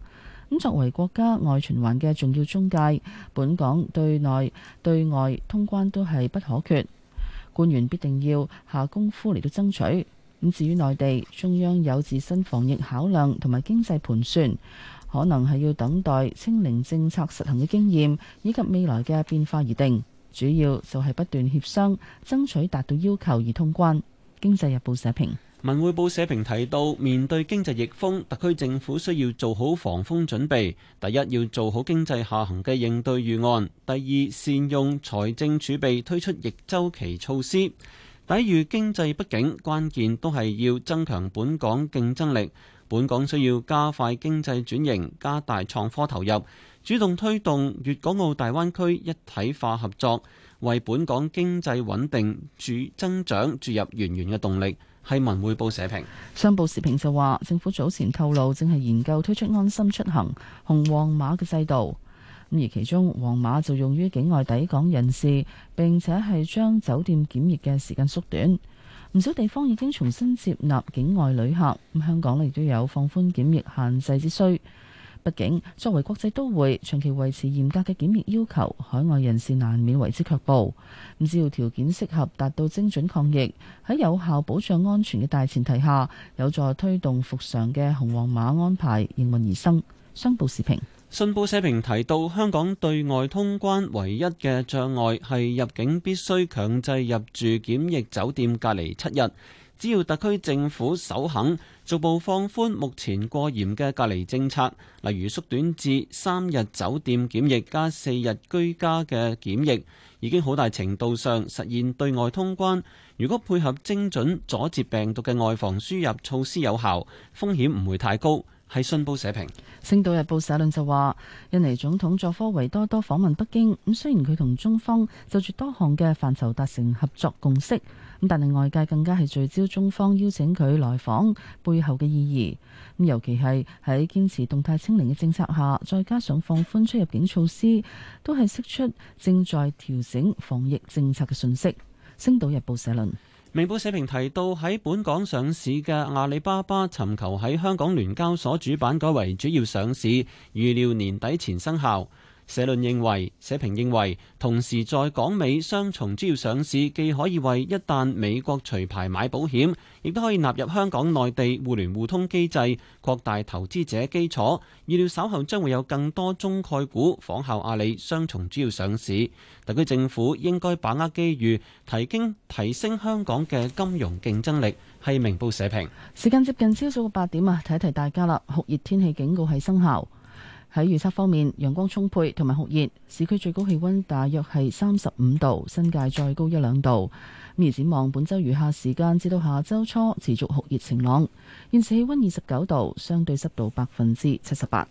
C: 咁作為國家外循環嘅重要中介，本港對內對外通關都係不可缺，官員必定要下功夫嚟到爭取。咁至於內地，中央有自身防疫考量同埋經濟盤算。可能係要等待清零政策實行嘅經驗，以及未來嘅變化而定。主要就係不斷協商，爭取達到要求而通關。經濟日報社評，
D: 文匯報社評提到，面對經濟逆風，特區政府需要做好防風準備，第一，要做好經濟下行嘅應對預案；第二，善用財政儲備推出逆週期措施，抵禦經濟不景。關鍵都係要增強本港競爭力。本港需要加快經濟轉型，加大創科投入，主動推動粵港澳大灣區一體化合作，為本港經濟穩定住增長注入源源嘅動力。係文匯報社評。
C: 商報時評就話，政府早前透露正係研究推出安心出行紅黃碼嘅制度，咁而其中黃碼就用於境外抵港人士，並且係將酒店檢疫嘅時間縮短。唔少地方已經重新接納境外旅客，咁香港亦都有放寬檢疫限制之需。畢竟作為國際都會，長期維持嚴格嘅檢疫要求，海外人士難免為之卻步。咁只要條件適合，達到精準抗疫，喺有效保障安全嘅大前提下，有助推動復常嘅紅黃碼安排應運而生。商報視頻。
D: 信報社評提到，香港對外通關唯一嘅障礙係入境必須強制入住檢疫酒店隔離七日。只要特區政府首肯，逐步放寬目前過嚴嘅隔離政策，例如縮短至三日酒店檢疫加四日居家嘅檢疫，已經好大程度上實現對外通關。如果配合精準阻截病毒嘅外防輸入措施有效，風險唔會太高。係信報社評，
C: 《星島日報》社論就話：印尼總統佐科維多多訪問北京，咁雖然佢同中方就住多項嘅範疇達成合作共識，咁但係外界更加係聚焦中方邀請佢來訪背後嘅意義。咁尤其係喺堅持動態清零嘅政策下，再加上放寬出入境措施，都係釋出正在調整防疫政策嘅訊息。《星島日報》社論。
D: 明報社評提到，喺本港上市嘅阿里巴巴尋求喺香港聯交所主板改為主要上市，預料年底前生效。社論認為，社評認為，同時在港美雙重主要上市，既可以為一旦美國除牌買保險，亦都可以納入香港內地互聯互通機制，擴大投資者基礎。意料稍後將會有更多中概股仿效阿里雙重主要上市。特區政府應該把握機遇，提經提升香港嘅金融競爭力。係明報社評。
C: 時間接近朝早嘅八點啊，提提大家啦，酷熱天氣警告係生效。喺預測方面，陽光充沛同埋酷熱，市區最高氣溫大約係三十五度，新界再高一兩度。而展望本周餘下時間至到下周初，持續酷熱晴朗。現時氣溫二十
K: 九度，相對濕度百分之七十八。